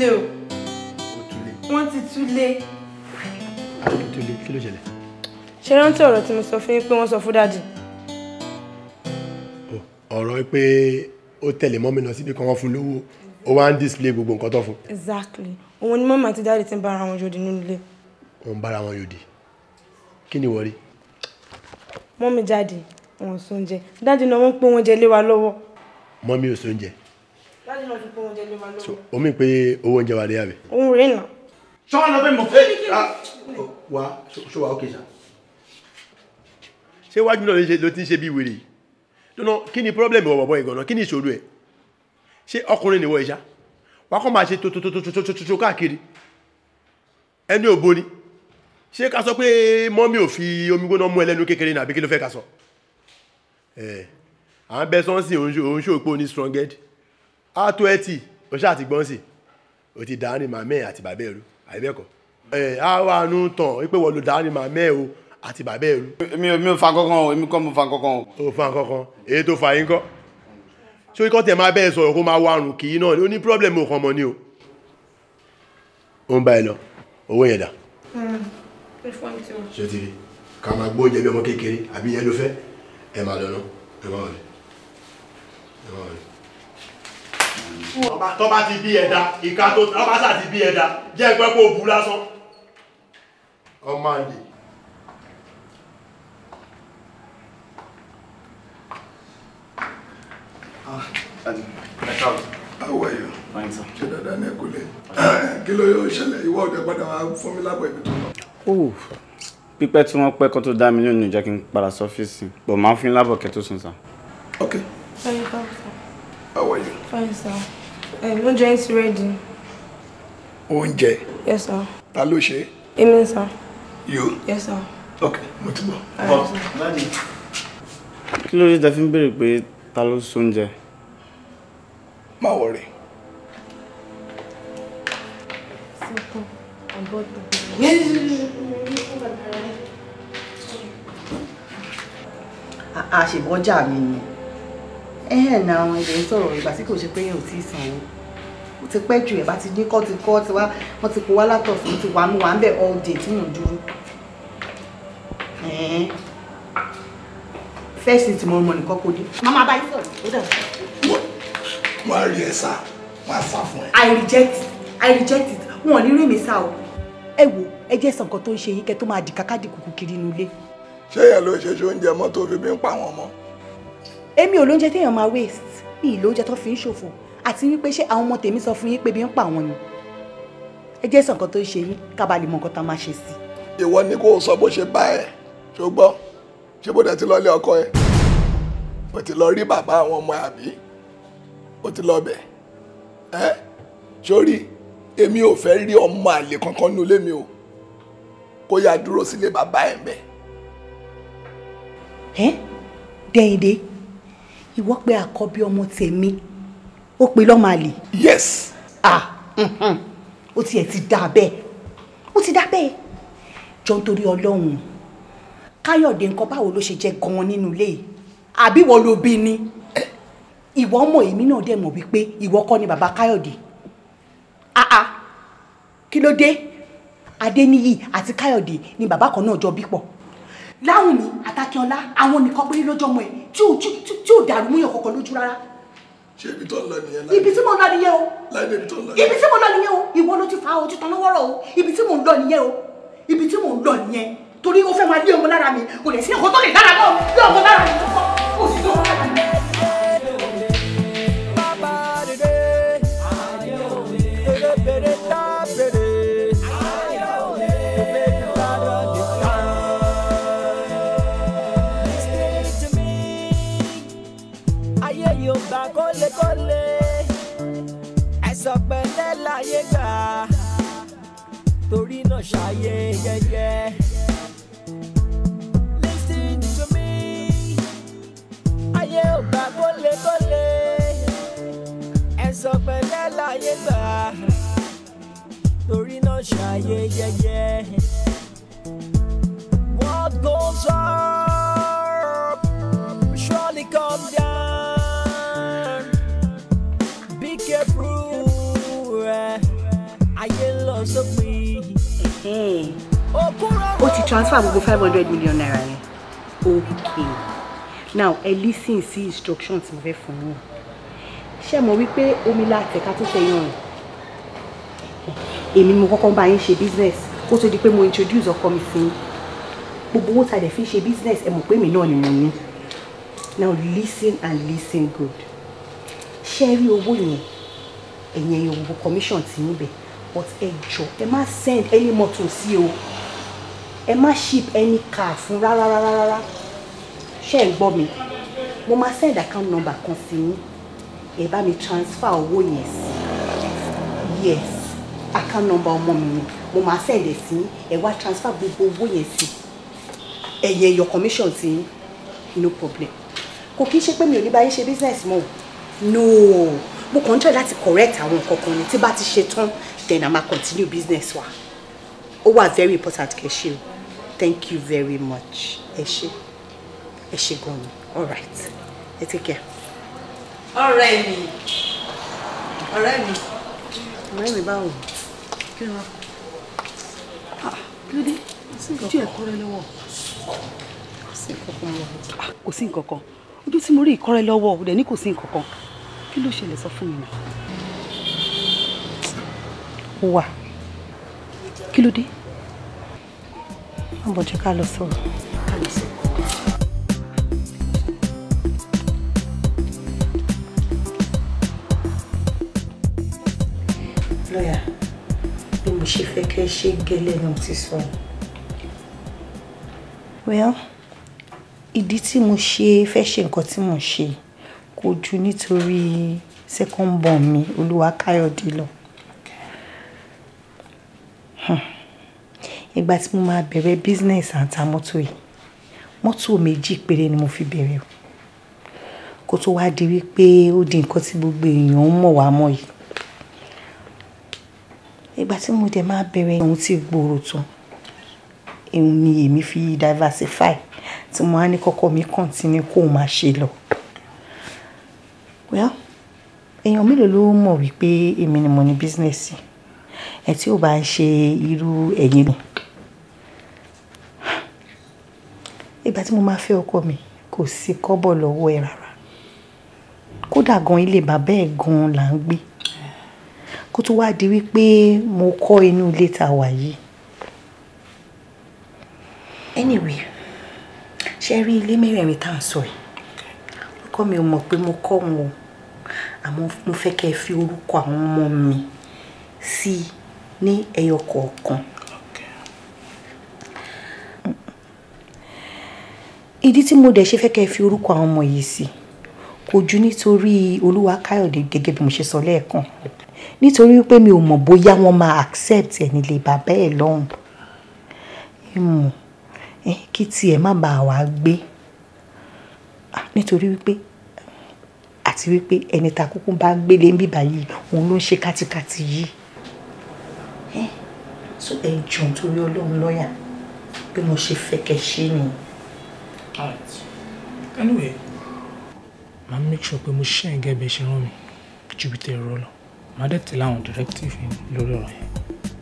Speaker 3: túlé o. ó túlé. wọ́n ti túlé.
Speaker 6: àwọn túlé kí ló ṣẹlẹ̀.
Speaker 3: ṣe rántí ọ̀rọ̀ tí mo sọ fún yín pé wọ́n sọ fún dáàdì.
Speaker 1: ọ̀rọ̀ pé ó tẹ̀lé mọ́mí lọ síbi kan wọ́n fún lówó ó wá ń display gbogbo nǹkan tó fún.
Speaker 3: exactly òun ni mọ́mí àti dáàdì ti ń bára wọn yòdì nínú ilé.
Speaker 1: wọ́n ń bára wọn yòdì kí ni wọ́n rí.
Speaker 3: mọ́mí jáde wọn ò sóúnjẹ dáàdì náà wọ́n pé wọ́n jẹ lé wa lọ́wọ́.
Speaker 1: mọ́mí ò sóúnjẹ. Omi náà o mi pe owó oúnjẹ wa dé yàbẹ.
Speaker 3: òun rèé nà. sọ́wọ́n lọ bẹ́ẹ̀ mọ̀ fẹ́
Speaker 1: wa ṣó wa ókè ṣá. ṣé ah, oh, wájú náà ló ti ń ṣe bí wèrè yìí lọ́nà kí ni problem ọ̀bọ̀ bọ̀ ìgànnà kí ni ìṣòro ẹ̀ ṣé ọkùnrin nìwọ ìṣá wa kọ́ máa ṣe tòtòtòtòtòtò káàkiri ẹni ò borí ṣé ká sọ pé mọ́mí ò fi omi gbóná mú ẹlẹ́nu kékeré nàbí kí ló fẹ́ ká sọ ẹ̀ à ń bẹ́ sọ́nsìn òun ṣòpó ní strong head a twenty o ṣáà ti gbọ́n sí o ti dàá ní màmá ẹ̀ àti bàbá ẹ̀ rú àbẹ́bẹ́kọ̀ ẹ̀ á wà nù tàn wípé wọ́n lo dàá ní màmá ẹ̀ o àti bàbá ẹ̀ rú. mi ò mi ò fa kankan o èmi kọ́ mo fa kankan o. o fa kankan èyí tó fa yín kọ́ ṣé ikọ́ tẹ̀ máa bẹ́ẹ̀ sọ̀rọ̀ kó máa wà rùn kì í náà ó ní problem ò kàn mọ́ ni o. ó ń bá ẹ lọ owó yẹn dà. Hmm, ṣé ti rí ká máa gbó jẹbi ọmọ kékeré àbí yẹn ló fẹ́ ẹ máa lọ náà ẹ máa wọlé ẹ máa wọlé tọ́ba ti bí ẹ̀dá ìka tó tọ́ba ti bí ẹ̀dá jẹ́ ẹgbẹ́ kó bu lásán. ọmọ àlè. How are you? Fine, sir. Ṣé dáadáa ní ẹ̀kọ́ lé? Kí ló yóò ṣẹlẹ̀? Ìwọ ọ̀dẹ̀ padà wá fún mi lábọ̀ ibi tó lọ.
Speaker 4: Pípẹ́ tí wọ́n pẹ́ kan tó dá mi lónìí jẹ́ kí n padà sọ́fíìsì. Bọ̀ máa ń fún lábọ̀ kẹ́ tó sùn sá.
Speaker 3: Okay. How are you? Fine, sir. Um, oúnjẹ is ready. Oúnjẹ? Yes, sir. Ta ló ṣe? Èmi, sir. You? Yes, sir. Okay, mo ti bọ̀.
Speaker 4: Kí ló dé tẹ́ fi ń béèrè pé ta ló sóúnjẹ?
Speaker 3: Má wọ̀rẹ̀. Sọ́kàn, àbọ̀tọ̀.
Speaker 5: Àṣìbọ́jà mi ni ẹ̀hẹ̀ eh, náà àwọn ilẹ̀ ń sọ̀rọ̀ ìgbà tí kò ṣe pé yẹn ò tí ì sanwó ó ti pẹ́ jù ẹ̀ ti ní kọ́ ti kọ́ ti wá wọ́n ti kó wá látọ̀sùn ti wà mí wà ń bẹ̀ all day tí mò ń dúró. first thing tomorrow morning kọ́ kó dé mama bá yín sọ̀rọ̀ ó dà. wọ́n á rí ẹ sá wọ́n á sá fún ẹ. I reject I reject it wọn ò ní rí mi sá o. ẹ wo ẹ jẹ́ sàn kan tó ń ṣe yín kẹ́ tó máa dì kákàdì kùkù kiri inú
Speaker 1: ṣé yẹn ló ṣe ṣe oúnjẹ mọ́tò fi bí pa àwọn ọmọ
Speaker 5: èmi ò lóúnjẹ téèyàn máa waste mi ì lóúnjẹ tó fi ń ṣòfò àti wípé ṣé àwọn ọmọ tèmi sọ fún yín pé bí ń pa àwọn ni ẹ jẹ́ sọ nǹkan tó ṣe yín ká ba lè mọ nǹkan tá a máa ṣe sí.
Speaker 1: ìwọ ni kó o sọ bó ṣe bá ẹ ṣùgbọ́n ṣé bó dẹ̀ ti lọ lé ọkọ ẹ o ti lọ rí bàbá àwọn ọmọ àbí o ti lọ bẹ̀ ẹ sórí èmi ò fẹ́ rí ọmọ àlè kankan nínú ilé mi o kó yá dúró sílé bàbá ẹ̀ mẹ́.
Speaker 5: ẹ dẹ̀yìndé ìwọ pé àkọ́bí ọmọ tèmi ó pe lọ́mọ àlè. yes. ah ó tiẹ̀ ti dá bẹ́ẹ̀ ó ti dá bẹ́ẹ̀ jọ nítorí ọlọ́run káyọ̀dé nǹkan báwo ló ṣe jẹ́ gan-an nínú ilé yìí àbí wọ́n ló bí ni ìwọ mọ̀ èmi náà dẹ̀ mọ̀ wípé ìwọ kọ́ ni bàbá káyọ̀dé ah ah kí ló dé adéníyì àti káyọ̀dé ni bàbá kan náà jọ bí pọ̀ láwùmí àtàkíọ́lá àwọn nìkan péré lọ́jọ́ ọmọ ẹ̀ tí ò dàrú múyàn kọ̀ọ̀kan lójú rárá. ṣé ibi tó ń lọ nìyẹn láì. ibi tí mo ń lọ nìyẹn o. láì ibi tó ń lọ nìyẹn. ibi tí mo ń lọ nìyẹn o ìwọ ló ti fa ojú tán lọ́wọ́rọ̀ o ibi tí mo ń lọ nìyẹn o ibi tí mo ń lọ nìyẹn torí ó fẹ́ máa lé ọmọ lára mi kò lè sí ọkọ tó lè dára náà lé ọmọ lára mi tó kọ́
Speaker 2: kó sì tó lára mi. torí náà ṣàyè yẹyẹ. listen to me ayé ò gbà kólékólé ẹ̀sọ́ pẹ̀lẹ́ láyé gbà torí náà ṣàyè yẹyẹ. what goes on. ó ti transfer gbogbo five hundred million naira yẹn okay
Speaker 5: now ẹ listen sí instructions tí mo fẹ́ fún yín ṣé mo wípé omi látẹ̀ka tó fẹ́ yàn èmi mo kọ́kọ́ bá yín ṣe business ó tó di pé mo introduce ọkọ mi fún yín gbogbo owó tàdé fi ṣe business ẹ mọ̀ pé mi náà ni mo ní now listen and listen good ṣé rí owó yẹn ẹ̀yìn ẹ̀yìn owó commission ti ń bẹ̀ but ẹ jọ ẹ má send any motor sí o ẹ má ship any car fún rárá rárá rárá ṣé ẹ gbọ́ mi mo máa send account number kan sí yín ẹ bá mi transfer owó yẹn sí yes account number ọmọ mi ni mo máa send ẹ sí ẹ wá transfer gbogbo owó yẹn sí ẹ̀yẹ ẹ̀yọ commission sí yín no problem kò kí n ṣe pé mi ò ní bá ṣe business mọ́ o no mo kàn ń tẹ̀ láti correct àwọn nǹkan kan ni tí bá ti ṣe tán then a máa continue business wa Oh, wà very important keshi. thank you very much ẹ ṣé ẹ ṣé gan ni all right ẹ take care. ọ̀rẹ́ mi ọ̀rẹ́ mi. ọ̀rẹ́ mi báwo kí ló wá ah, kí ló dé ojú ẹ̀ kọ́rẹ́ Kilo kò sí nǹkan kan ojú tí mo rí ìkọ́rẹ́ lọ́wọ́ ò dẹ̀ ní kò sí nǹkan kan kí ló ṣẹlẹ̀ sọ fún mi náà ó wà kí ló dé àbọ̀ jẹ́ ká lọ sọ̀rọ̀ ká lọ sọ̀rọ̀. lọ́yà bí mo ṣe fẹ́ kẹ́ ṣe gẹ́lẹ́ náà ti sọ. well ìdí tí mo ṣe fẹ́ ṣe nǹkan tí mo ṣe kò ju nítorí second born mi olúwa káyọ̀dé lọ. Hmm. Ìgbà tí mo máa bẹ̀rẹ̀ business àǹtà mọ́tò yìí, mọ́tò méjì péré ni mo fi bẹ̀rẹ̀ o. Kó tó wá di wípé ó di ǹkan tí gbogbo èèyàn ń mọ̀ wá mọ̀ yìí. Ìgbà tí mo dẹ̀ máa bẹ̀rẹ̀ ohun tí gbòòrò tán, òun ni èmi fi diversify tí mo wá ní kọ́kọ́ mi continue kó máa ṣe lọ. Well, èèyàn mélòó ló mọ̀ wípé èmi ni mo ní business yìí? ẹ tí ò bá ń ṣe irú ẹ̀yin lọ. ìgbà tí mo máa fẹ́ ọkọ mi kò sí kọ́bọ̀ lọ́wọ́ ẹ rárá kódà gan ilé bàbá ẹ̀ gan là ń gbé kó tó wáá di wípé mo kọ́ inú ilé tá wà yìí. anyway ṣe rí ilé mẹ́rẹ̀ẹ̀rin tá à ń sọ yìí ọkọ mi ò mọ̀ pé mo kọ́ wọn o àmọ́ mo fẹ́ kẹ́ ẹ fi orúkọ àwọn ọmọ mi sí ní ẹyọ kọ̀ọ̀kan. ìdí tí mo dẹ̀ ṣe fẹ́ kẹ́ fi orúkọ àwọn ọmọ yìí sí kò ju nítorí olúwa káyọ̀dé gẹ́gẹ́ bí mo ṣe sọ lẹ́ẹ̀kan nítorí pé mi ò mọ̀ bóyá wọ́n máa accept ẹ̀ nílé bàbá ẹ̀ lọ́hùn ìmọ̀ ẹ kí tiẹ̀ má bàa wá gbé nítorí wípé àti wípé ẹni ta kúkú bá gbélé ń bíbá yìí òun ló ń ṣe kátikáti yìí so ẹ jọ̀ọ́ nítorí Ọlọ́run lọ́ọ̀yà
Speaker 6: bí mo ṣe fẹ́ kẹ́ ṣe ni. alright anyway màá make sure pé mo ṣe ẹ̀ gẹ́gẹ́ bẹ́ẹ̀ ṣe rán mi ju bí tẹ̀ rọ lọ màá dẹ̀ tẹ̀lé àwọn directive lórí ọ̀rọ̀ yẹn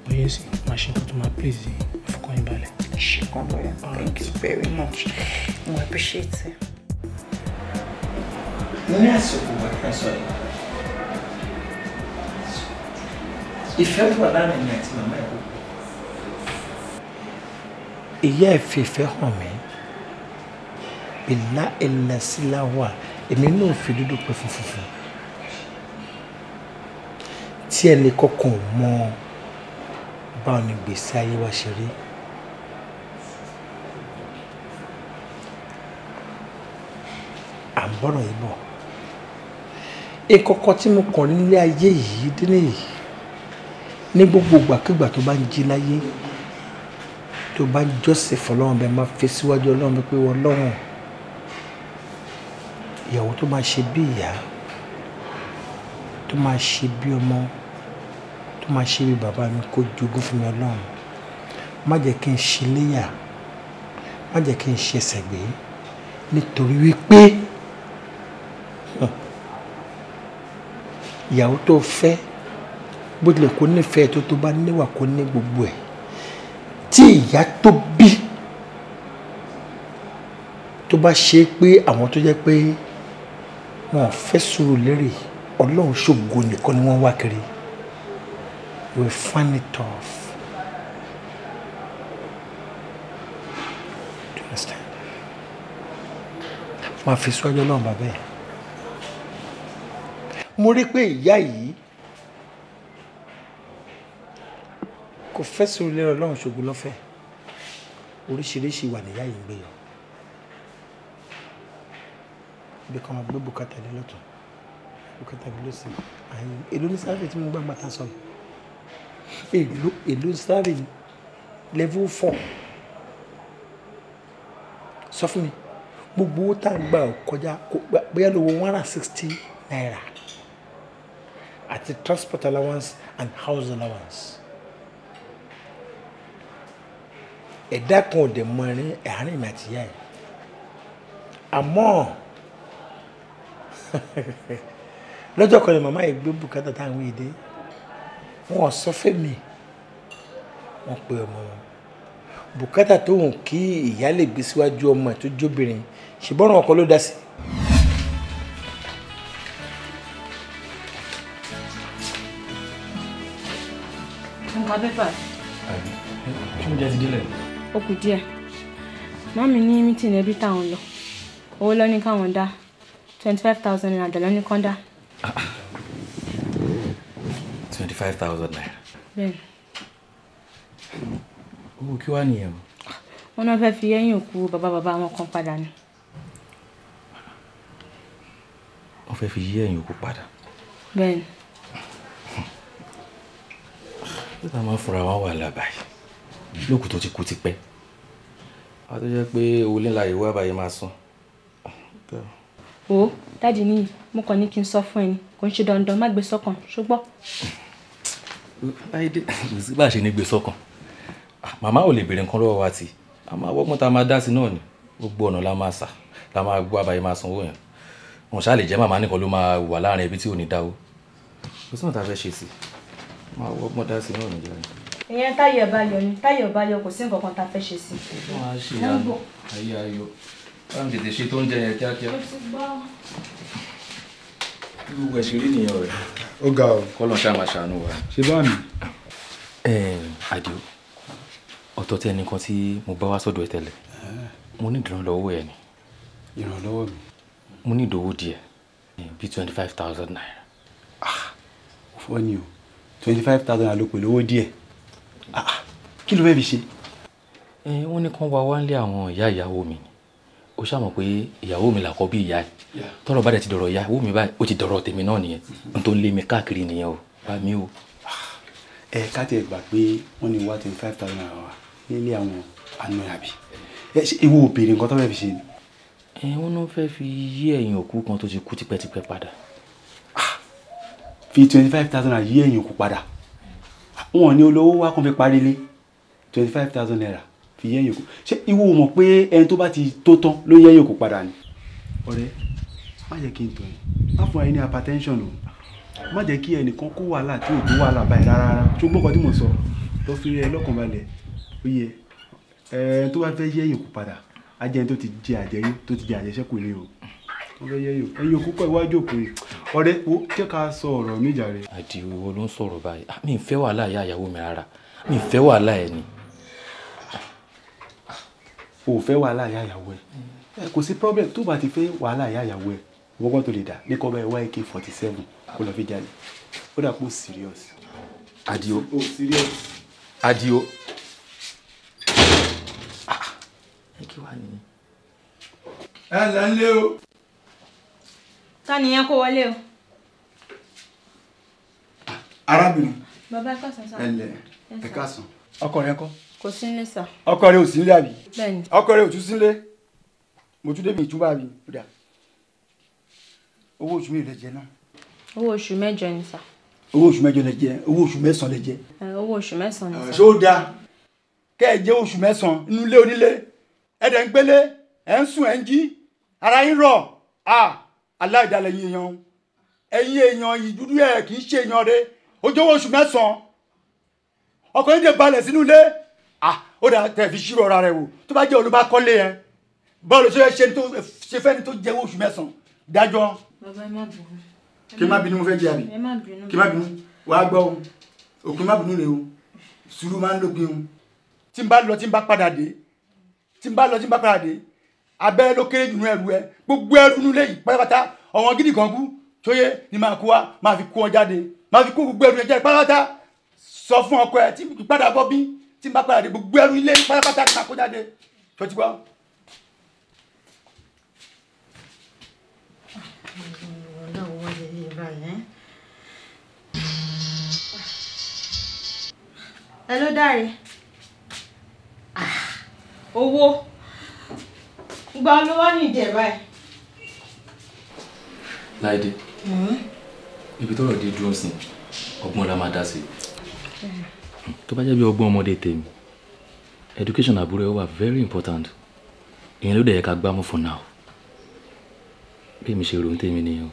Speaker 6: oyè sí màá ṣe nǹkan tó máa please yìí fọkàn
Speaker 4: yín balẹ̀.
Speaker 5: ṣe kàn lọ́yà thank you very much mo appreciate it.
Speaker 8: mo ní àsìkò wà kí sọ yìí. ìfẹ́ wà láàrin mi àti màmá ẹ̀.
Speaker 1: ìyá ẹ̀ fi ìfẹ́ hàn mí ìlà ìlà sílá wà èmi náà fi dúdú pé funfun tí ẹnì kọkàn mọ báwọn ni gbèsè ayé wa ṣe rí. à
Speaker 6: ń bọ̀rọ̀ yìí bọ̀
Speaker 1: ìkọ̀kọ̀ tí mo kàn nílé ayé yìí dé nìyí ní gbogbo ìgbàkígbà tó bá ń jí láyé tó bá ń jọ́sìn fọlọ́run bẹ́ẹ̀ máa fi síwájú ọlọ́run bẹ́ẹ̀ pé ọlọ́run ìyàwó tó máa ṣe bí ìyá tó máa ṣe bí ọmọ tó máa ṣe bí bàbá mi kó jogún fún mi ọlọ́run má jẹ́ kí n ṣe léyà má jẹ́ kí n ṣe ẹsẹ̀ gbé nítorí wípé ìyàwó tó fẹ́ bó tilẹ̀ kó nífẹ̀ẹ́ tó tó bá níwà kó ní gbogbo ẹ̀ tí ìyá tó bí tó bá ṣe pé àwọn tó jẹ́ pé wọn ò fẹ́ sùúrù lérè ọlọ́run ṣògo nìkan ni wọ́n wá kiri we find it tough. Do you understand? máa fi sọ́jọ́ náà bàbá ẹ̀ mo rí pé ìyá yìí kò fẹ́ sórí lẹ́rọ ọlọ́run ṣògo lọ́fẹ́ oríṣiríṣi wà níyà yìí ń gbé yọ ibi kan máa gbé bùkátà dé lọ́tún bùkátà dé lọ́sìn àyìn èlò ní sáré tí mo gbà gbà tán èlò èlò sáré level four sọ fún mi gbogbo owó tá a gbà kọjá bóyá lówó one hundred sixty naira àti transport allowance and house allowance. ẹ̀dá kan ò dẹ̀ mọ ẹrin àárín mi àti ìyá ẹ̀ mama lọ́jọ́ kan ni màmá yìí gbé bùkátà táwọn èdè wọn sọ fẹ́mi wọn pe ọmọ wọn bùkátà tó hùn kí ìyá lè gbé síwájú ọmọ ẹ̀ tó jóbìnrin ṣùgbọ́n ọkọ ló dá sí i.
Speaker 8: Mwen pa pe pa.
Speaker 6: Ayo
Speaker 8: ó kù díẹ̀ mọ́mí ní mítìn ẹbí táwọn lọ owó lọ ní káwọn dá twenty five thousand naira dẹ̀ lọ ní kán dá.
Speaker 6: twenty five thousand naira. bẹ́ẹ̀ni. owó kí wàá nìyẹn o.
Speaker 8: wọn náà fẹ́ fi ẹ̀yìn òkú bàbá bàbá wọn kan padà ni.
Speaker 6: wọn fẹ́ fi yí ẹ̀yìn òkú padà. bẹ́ẹ̀ni. bí táwọn máa fura wọn wà lábàáyé lókùn tó ti kú ti pẹ́ a tó jẹ́ pé owó ńlá ìwé àbáyé máa sùn.
Speaker 8: o dáàdi níyì mo kàn ní kí n sọ fún ẹ ni kò ń ṣe dandan má gbé sọ́kàn ṣùgbọ́n.
Speaker 6: láìdé kò sí bá a ṣe ní gbé sọ́kàn màmá ò lè béèrè nǹkan lọ́wọ́ wa tì a máa wọ́gbọ́n tá a máa dá sí náà ni gbogbo ọ̀nà la máa sà la máa gbọ́ àbáyé máa sanwó yẹn wọn ṣáà lè jẹ́ màmá nìkan ló máa wà láàrin ẹbí tí ò ní dáwó kò sí wọn tá a fẹ́ ṣe sí máa wọ́gbọ́n dá sí náà nìjọba
Speaker 8: ìyẹn táyọ̀ bá ni táyọ̀ bá yọ kò sí nǹkan kan tá a fẹ́ ṣe
Speaker 6: sí i. wọ́n á ṣe àná ayé ayọ̀ bá ń tètè ṣe tó ń jẹ yẹn kíákíá. gbogbo ẹ̀ ṣe rí nìyẹn ọ̀rẹ́. ó ga o. kọ́lọ̀ ṣáà ṣàánú wa. ṣe bá mi. àdìo ọ̀tọ̀ tẹ ẹnìkan tí mo bá wá sọ́dọ̀ ẹ tẹ́lẹ̀ mo ní ìrànlọ́wọ́ ẹ ni. ìrànlọ́wọ́ mi. mo ní ìdòwò díẹ̀ bíi twenty five thousand naira. ah ó fọ́ ni o twenty five thousand naira ló pè lówó díẹ̀. Ah, kí ló fẹ́ fi ṣe. ẹ wọ́n ní kán wá wá nílé àwọn ìyá ìyàwó mi ó ṣàmọ̀ pé ìyàwó mi làkọ́ bí ìyá ẹ̀ tọ́rọ̀ bá dẹ̀ ti dọ̀rọ̀ ìyàwó mi báyìí ó ti dọ̀rọ̀ tèmi náà nìyẹn mhm. n tó ń lé mi káàkiri nìyẹn o bá mi o. Ah,
Speaker 1: ẹ ká tiẹ̀ gbà pé wọ́n ní wá ten five thousand naira wa nílé àwọn
Speaker 6: àna àbí ẹ ṣe ìwọ òbèrè nǹkan tó fẹ́ fi ṣe ni. ẹ wọn náà fẹ́ fi yí ẹ̀yìn òkú kan tó ti kú tipẹ́tipẹ́ padà. Ah, fi twenty five thousand naira yí ẹ̀yìn òkú padà wọn ò ní olówó wá kàn fi parí ilé twenty five thousand naira
Speaker 1: fi yẹ́ yòókù ṣé ìwọ mọ̀ pé ẹni tó bá ti tó tán ló yẹ́ yòókù padà ni. ọ̀rẹ́ má jẹ́ kí n tọ̀ yín má fún ẹni hypertension o má jẹ́ kí ẹnìkan kó wàhálà tí ò tó wàhálà báyìí rárá ṣùgbọ́n kan tí mo sọ lọ fi rẹ lọ́kàn balẹ̀ ó yẹ ẹni tó bá fẹ́ yẹ́ yòókù padà ajẹ́ni tó ti jẹ àjẹyó tó ti jẹ àjẹsẹ́kù rèé o ọlọyẹ yòó ẹyin òkúkọ iwájú òkun ọ̀rẹ́ wo jẹ́ ká sọ ọ̀rọ̀ mi jàre. àdìo wo ló
Speaker 6: ń sọ̀rọ̀ báyìí mi ì fẹ́ wàhálà ìyá ìyàwó mi rárá mi ì fẹ́ wàhálà ẹ̀ ni. o ò fẹ́ wàhálà ìyá ìyàwó ẹ kò sí problem tó bá
Speaker 1: ti fẹ́ wàhálà ìyá ìyàwó ẹ wọ́gbọ́n tó lè dà ní kọ́ bá ẹ wá ak forty seven kó lọ fi jáde ó dà pé serious. àdìo ó ah. ẹ kí wàá nìyẹn. ẹ lẹ́ o
Speaker 8: ta nìyẹn kó wọlé o. arábìnrin. bàbá ẹ̀ka sàn sàn. ẹlẹ ẹ̀ka sàn. ọkọ rẹ ńkọ́. kò sí nílé sà.
Speaker 1: ọkọ rẹ ò sí nílé àbí. bẹ́ẹ̀ni. ọkọ o ò tún sílé mo tún débi ìtúbà mi kódà owó oṣù mi lè jẹ náà.
Speaker 8: owó oṣù mẹ́jọ ni sà.
Speaker 3: owó oṣù mẹ́jọ
Speaker 1: lè jẹ owó oṣù mẹ́sàn lè jẹ.
Speaker 8: owó oṣù mẹ́sàn ni
Speaker 1: sà. ṣé ó dáa kẹ́ ẹ jẹ́ oṣù mẹ́sàn nínú ilé onílé ẹ̀dẹ̀ ń gbélé ẹ̀ ń sùn ẹ̀ ń ara yín rọ̀ ah aláìdálẹ̀ yín èèyàn ẹ̀yin èèyàn yìí dúdú ẹ̀ kì í ṣe èèyàn rẹ ojú owó oṣù mẹ́sàn-án ọkọ̀ yín lè balẹ̀ sínú ilé ah ó dà tẹ̀ fi ṣírò ọ̀ra rẹ̀ wò tó bá jẹ́ olùbákọ́lé yẹn bọ́ọ̀lù tó yẹ ṣe fẹ́ni tó jẹ́ owó oṣù mẹ́sàn-án dájọ́
Speaker 8: kí má bínú mo fẹ́ jẹ àbí kí má bínú
Speaker 1: wàá gbọ́ o òkú má bínú rè o sùúrù máa ń lópin o tí n bá lọ tí n bá padà dé tí n bá lọ tí n bá padà dé abẹ́rẹ́ ló kéré nínú ẹrù ẹ gbogbo ẹrù nílé yìí pátápátá ọ̀wọ́n gidi kan kú tóyé ni máa kó wa máa fi kó wọn jáde máa fi kó gbogbo ẹrù yẹn jáde pátápátá sọ fún ọkọ ẹ tí padà bọ́ bí tí n bá padà dé gbogbo ẹrù ilé pátápátá ni máa kó jáde tó ti gbọ́.
Speaker 8: Hello, Dare. Ah, owó. Oh, Ìgbà ló wá ní ìdí ẹ̀
Speaker 6: Láìdé. Hmm? Ibi tọ́rọ̀ dé dúró sí, ọgbọ́n la máa dá sí. Hmm. Tó bá jẹ́ bí ọgbọ́n ọmọdé tèmi, education àbúrò ẹ wà very important. Ìyẹn ló dẹ̀ yẹ ká gbámú for now. Bí mi ṣe rò ń tèmi nìyẹn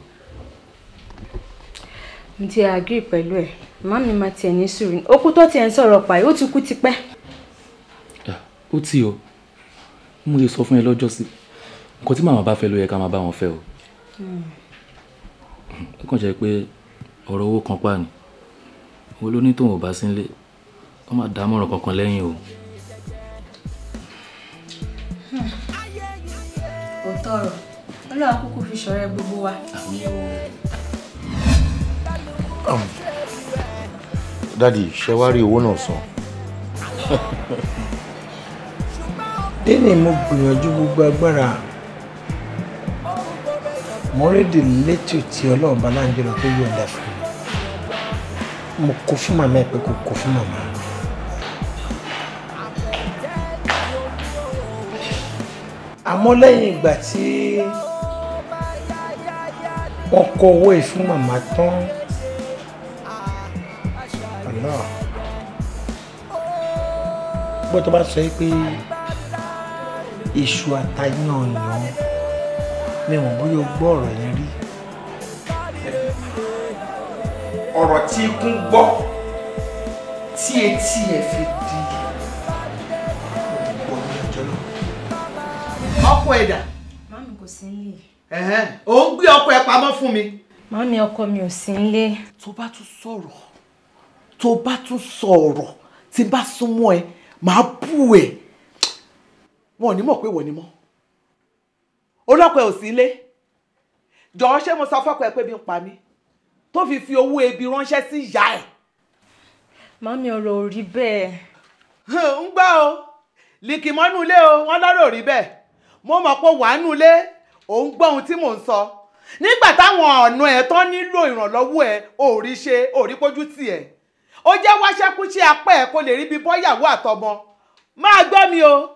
Speaker 8: Mo ti agree pẹ̀lú ẹ̀, má mi máa tiẹ̀ ní sùúrù. Okú tó tiẹ̀ ń sọ̀rọ̀ pàì, ó ti kú tipẹ́.
Speaker 6: Ah, ó ti o mo lè sọ fún ẹ lọ́jọ́ sí nǹkan tí màmá bá fẹ́ ló yẹ ká máa bá wọn fẹ́ o ó kàn jẹ́ pé ọ̀rọ̀ owó kan pa ni owó ló ní tóun ò bá sí nílé kó má dámọ̀ràn kankan lẹ́yìn o.
Speaker 8: òótọ́ ọ̀rọ̀ ọlọ́run àkókò fi ṣọ̀rẹ́ gbogbo wa.
Speaker 1: dádì ṣe wá rí owó náà san. dẹ́nì mo gbìyànjú gbogbo agbára mo rédè létí tí ọlọ́run bá láǹjẹ́ lọ tó yọ̀ǹda fún mi mo kó fún màmá ẹ̀ pé kò kó fún màmá. àmọ́ lẹ́yìn ìgbà tí wọ́n kọ owó yìí fún màmá tán ọ̀nà bó tó bá sọ yìí pé èṣù àtàyànyàn mi ò bóyá o gbọ́ ọ̀rọ̀ yẹn rí. ọ̀rọ̀ tí ikún gbọ́ tí etí ẹ̀ fi di ọ̀pọ̀
Speaker 8: ní ọjọ́ náà. ọkọ ẹ̀dà. mọ́mí kò sí nílé. ẹ̀hẹ́n ò ń gbé ọkọ ẹ pamọ́ fún mi. mọ́mí ọkọ mi ò sí nílé. tó bá tún sọ̀rọ̀
Speaker 1: tó bá tún sọ̀rọ̀ tí bá súnmọ́ ẹ màá bú ẹ wọn ò ní mọ̀ pé wọ́n ni mọ́ olọ́pẹ́ ò sí ilé jọ̀ọ́ ṣé mo sọ fọ́pọ ẹ pé bí ń pa mí tó fi fi owó ebi ránṣẹ́ sí ìyá ẹ̀. mami ọ̀rọ̀ ò rí bẹ́ẹ̀. ń gbọ́ o lìkìmọ́nú ilé o wọ́n lọ́rọ̀ ò rí bẹ́ẹ̀ mo mọ̀ pé wàánú ilé òun gbọ́ ohun tí mò ń sọ nígbà táwọn ọ̀nà ẹ̀ tán nílò ìrànlọ́wọ́ ẹ̀ ò rí ṣe ò rí pójú tì ẹ̀ ó jẹ́ wáṣẹ́kú sí apá ẹ̀ kó lè rí bí bọ́yàwó àtọmọ máa gbọ́ mi o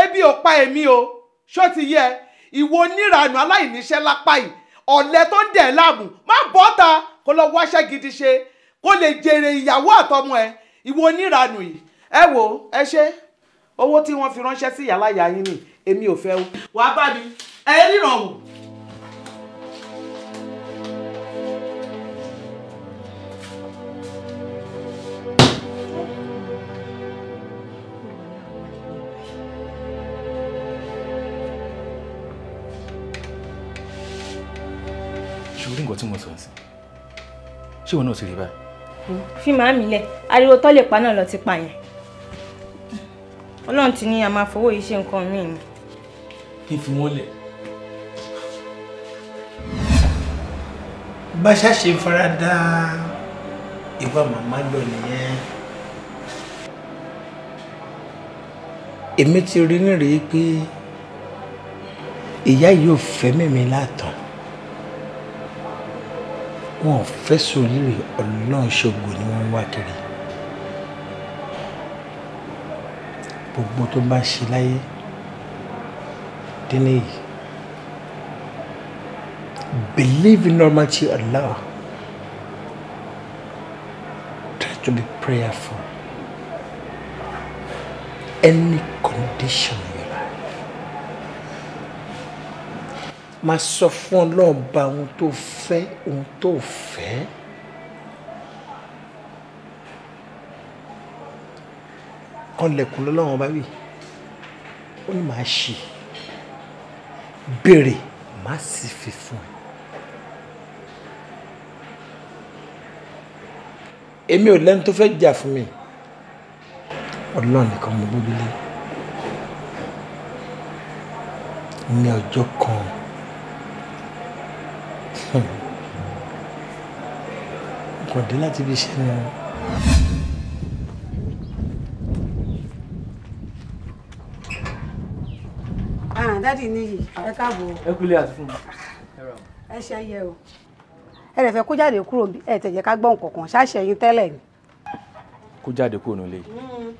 Speaker 1: ebi ò pa èmi o ṣó ti yẹ ìwọ onírànú aláìníṣẹ́ lápá yìí ọ̀lẹ tó ń dẹ̀ láàmú má bọ́ta kó lọ wáṣẹ́ gidi ṣe kó lè jèrè ìyàwó àtọmọ ẹ ìwọ onírànú yìí ẹ wo ẹ ṣe owó tí wọ́n fi ránṣẹ́ sí yàrá yàrá yín ni èmi ò fẹ́ o. wàá bá mi ẹ ríran o.
Speaker 6: tí mo sọ sí ṣé ìwọ náà ti rí báyìí.
Speaker 8: fi màá mi lẹ ariwo tó lè pa náà lọ ti pààyàn Ọlọ́run ti ní a máa fowó yìí ṣe nǹkan míì ni.
Speaker 6: kí n fi wọ́n lẹ̀.
Speaker 1: bá a ṣàṣe fara dá ìwà màmá lọ nìyẹn. èmi ti rí nírèé pé ìyá yìí ò fẹ́ mẹ́mi látàn wọn ò fẹ́ sóríire ọlọ́run ṣògo ni wọ́n ń wá kiri gbogbo tó bá ṣe láyé dínà yìí believe in Almighty Allah try to be prayerful any condition ma sọ fún ọlọ́ọ̀ba ohun tó fẹ́ ohun tó fẹ́. kọ́lẹ̀kùn lọ́lọ́wọ́n bá wì ó ní màá ṣe béèrè màá sì fi fún ẹ. èmi ò lẹ́nu tó fẹ́ jà fún mi ọlọ́run nìkan mo gbóbi lé ní ọjọ́ kan kò dé láti fi ṣe ni.
Speaker 3: Ah, dádì níyì ẹ káàbọ̀.
Speaker 6: ẹ kúlẹ̀ àti fún mi.
Speaker 8: ẹ ṣe ayẹ o. ẹ lè fẹ́ kó jáde kúrò bí ẹ tẹ̀jẹ̀ ká gbọ́ nǹkan kan ṣáṣẹ yín
Speaker 5: tẹ́lẹ̀ ni.
Speaker 6: kó jáde kúrò nílé yìí. Hmm.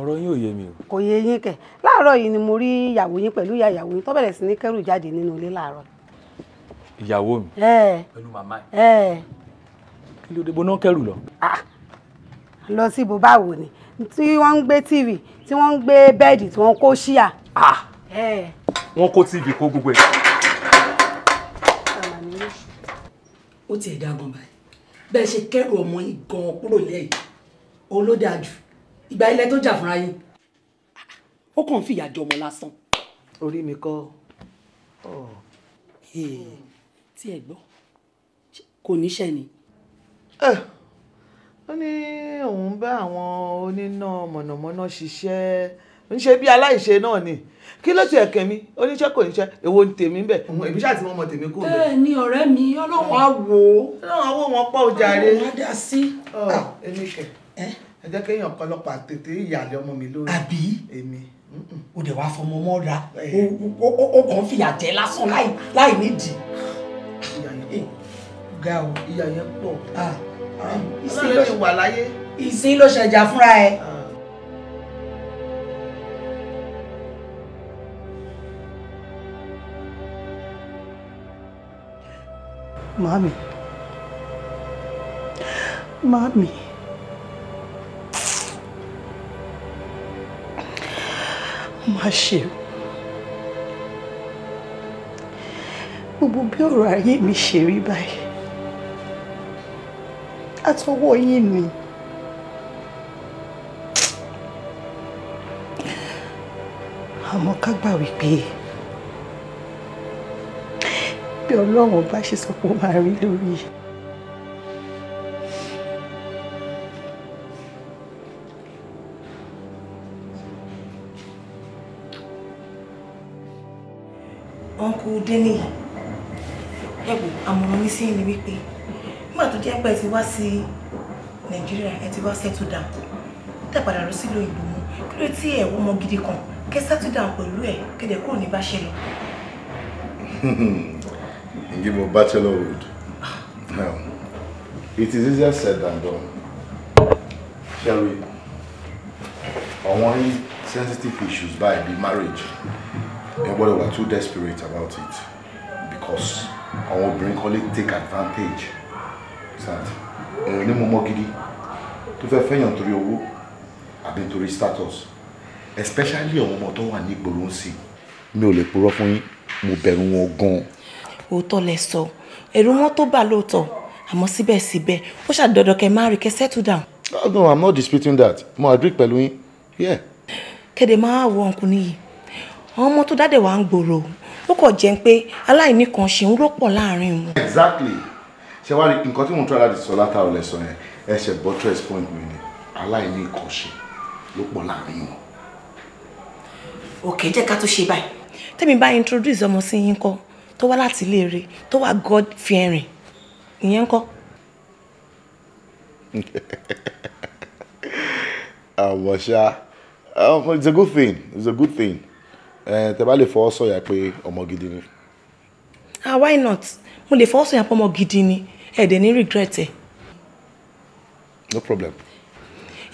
Speaker 6: ọ̀rọ̀ yín ò yé mi o.
Speaker 5: kò yé yín kẹ̀ láàárọ̀ yìí ni mo rí ìyàwó yín pẹ̀lú ìyá ìyàwó yín tó bẹ̀rẹ̀ sí ní kẹ́rù jáde nínú ilé láàárọ̀ yìí ìyàwó mi pẹ̀lú màmá ẹ̀
Speaker 6: kí ló dé bó náà kẹrù lọ. Ah.
Speaker 5: lọ sí ibo báwo ni tí wọ́n ń gbé tv tí wọ́n ń gbé bẹ́ẹ̀dì tí wọ́n kó ṣíà.
Speaker 6: Ah. wọ́n kó tv kó gbogbo ẹ̀.
Speaker 5: ó tiẹ̀ dá gan báyìí bẹ́ẹ̀ ṣe kẹ́rù ọmọ yìí gan kúrò lẹ́yìn òun ló dáa jù ìgbà ilẹ̀ tó jà fúnra yín ó kàn ń fìyà jọmọ lásán. orí mi kọ́ ọ́ tí ẹ gbọ́ kò níṣẹ́ ni. Eh, ó ní òun bá àwọn oníná mọ̀nàmọ́ná ṣiṣẹ́
Speaker 1: ń ṣe bí aláìṣe náà ni kí ló ti ẹ̀kẹ́ mi oníṣẹ́ kò níṣẹ́ èwo ni tèmi ń bẹ̀. èmi ṣáà ti mọ ọmọ tèmi kò bẹ̀. bẹ́ẹ̀ ni ọ̀rẹ́ mi ọlọ́run á wò ó. ọlọ́run á wò wọn pọ̀ jàre. ọlọ́run á dá sí. ọ oh, èmi kẹ ẹ jẹ́ kéèyàn kan lọ́pàá tètè ìyàlẹ́ ọmọ mi lórí. àbí
Speaker 5: èmi o dẹ̀ wá fọmọ mọ́ra eh. o kàn fìyà jẹ lásán láì nídìí ga o. ìyá yẹn pọ̀. Ah, ah. ìsìn ló ṣe wà láyé. ìsìn ló ṣẹjà fúnra ẹ. Ah. Mami.
Speaker 4: Mami. Má ṣe o.
Speaker 5: Gbogbo bí ọ̀rọ̀ ayé mi ṣe rí báyìí àtọwọ́ yín ni. àmọ́ ká gbà wípé bí ọlọ́run bá ṣe sọ pé ó máa rí lórí
Speaker 3: uncle denny
Speaker 5: ẹ̀wò àmọ̀ràn mi sí ni wípé nígbà tó jẹ́ pé ẹ ti wá sí nàìjíríà ẹ ti wá settle down tẹ́ padà lọ sílùú ìlú kí ló tí ẹ̀ wọ́n gidi kan kẹ́ settle down pẹ̀lú ẹ̀ kéde kúrò ní bachelor.
Speaker 1: ǹjẹ́ mo bachelorhood now it is easier said than done shall we àwọn sensitive issues báyìí the marriage ẹ gbọ́dọ̀ wà too desperate about it because àwọn obìnrin kan lè take advantage understand èèyàn ní mọ́mọ́ gidi tó fẹ́ fẹ́yàn torí owó àbí torí status
Speaker 5: especially àwọn ọmọ tó wà ní ìgboro ń sìn
Speaker 1: mi ò lè purọ́ fún yín mo bẹ̀rù wọn gan-an.
Speaker 5: òótọ́ lẹ sọ ẹ̀rù wọn tó bà lóòótọ́ àmọ́ síbẹ̀síbẹ̀ ó ṣàdọ̀dọ̀ kẹ́ máa rí kẹ́ settle down.
Speaker 1: oh no i'm not disputing that mo agree pẹ̀lú yín yeah.
Speaker 5: kéde máa wọ ọkùnrin nìyí àwọn ọmọ tó dáde wà ń gbòòrò ó kàn jẹ́ pé aláìníkan
Speaker 8: ṣe ń rọ́pọ̀ láàrin wọn.
Speaker 1: exactly ṣe wá rí nǹkan tí mo ń tọ́ láti sọ látàrọ lẹ́sọ̀ yẹn ẹsẹ̀ buttress point mi ni aláìní ìkànṣe ló pọ̀ láàrin wọn.
Speaker 5: òkè jẹ́ ká tún ṣe báyìí. tẹ́mi bá introduce ọmọ sí yín kọ́ tó wá láti iléèrè tó wá god fearing ìyẹn ń kọ́.
Speaker 1: àmọ́ ṣá um, it's a good thing it's a good thing tẹ bá lè fọwọ́ sọ̀yà pé ọmọ gidi ni.
Speaker 3: ah why not mo lè fọwọ́ sọ̀yà pé ọmọ gidi ni ẹ dẹ̀ ní regret ẹ̀.
Speaker 1: no problem.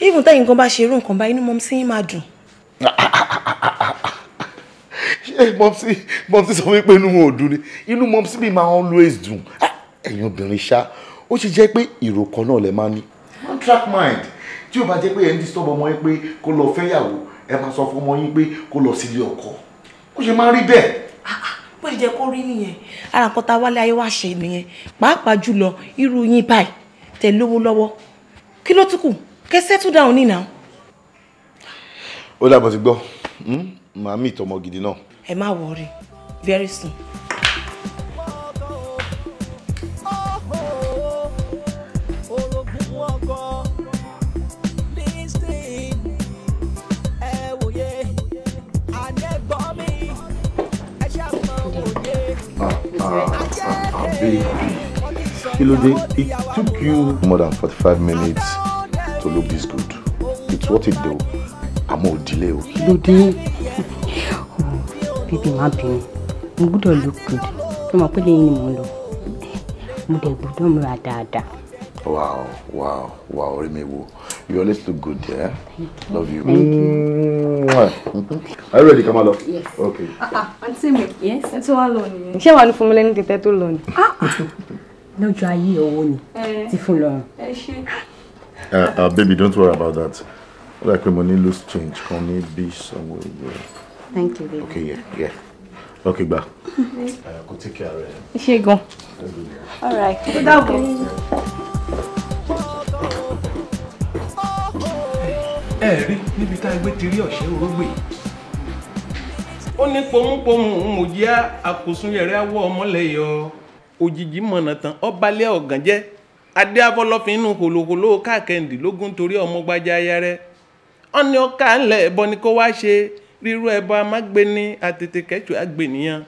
Speaker 8: even tẹ́yìn nǹkan bá ṣe irú nǹkan bá inú mọ́mísí yín máa dùn.
Speaker 1: ṣé mọ́mísí mọ́mísí sọ wípé inú wọn ò dùn ni inú mọ́mísí mi máa always dùn ah, ẹ̀yin obìnrin ṣá ó ṣe jẹ́ pé èrò kan náà lẹ máa ní. one track mind tí ó bá jẹ́ pé ẹ̀ ń disturb ọmọ yín pé kó lọ fẹ́yàwó ẹ máa sọ fún ọmọ yín pé kó lọ sílé ọkọ
Speaker 5: ó ṣe máa rí bẹ́ẹ̀ bó ti jẹ́ kó rí nìyẹn ara nǹkan tá a wálé ayé wá ṣe nìyẹn pàápàá jùlọ irú yín báyìí tẹ̀ lówó lọ́wọ́
Speaker 3: kí ló tún kù kẹ́ settle down ní
Speaker 1: ó dàbọ̀ ti gbọ́ hmm? màá mì gidi náà.
Speaker 3: ẹ má wọrí very soon.
Speaker 1: pé kí ló it took you more than forty five minutes to look this good it's what it do. I'm ò dílé o
Speaker 8: kí ló dé. Oh, bíbí má bínú mo look good tó not pé any ni mo lọ mo dẹ̀ gbọ́dọ̀ múra wow
Speaker 1: wow wow orí Wow. You always look good, yeah? Thank you. Love you. Thank you. Mm, mm-hmm. Are you ready, Kamalo? Yes. Okay.
Speaker 8: Ah, uh-uh. Ah, Auntie me. Yes. Ẹ ti alone. She ni. to wàá alone. Ah ah. No tètè tó lọ ni? Ah, ah. Lọ́jọ́ ayé owó
Speaker 1: uh, uh, Baby, don't worry about that. Like dà money lose change kan ní be
Speaker 4: sanwó ìwé. Thank you, baby. Okay, yeah, yeah. Okay, gba. Mm-hmm. Uh, kò tí kí ara
Speaker 8: rẹ̀. She go.
Speaker 6: All right. Ó dàbọ̀.
Speaker 7: ẹ rí níbi tá a gbé ti rí ọ̀ṣẹ́ orógbè ó ní pomúpomù mòjíá àkòsúnyẹ̀rẹ́ awọ ọmọlẹ̀ yọ òjijì mọ̀nà tán ọbalẹ̀ ọ̀gàn jẹ́ adé afọlọ́fin inú hòlòhòlò káàkẹ́ndínlógún torí ọmọ gbajà aya rẹ̀ ọ̀ni ọ̀ka ńlẹ̀ ẹ̀bọ ni kó wá ṣe rírú ẹ̀bọ amágbéni àtètè kẹ́tù àgbènìyàn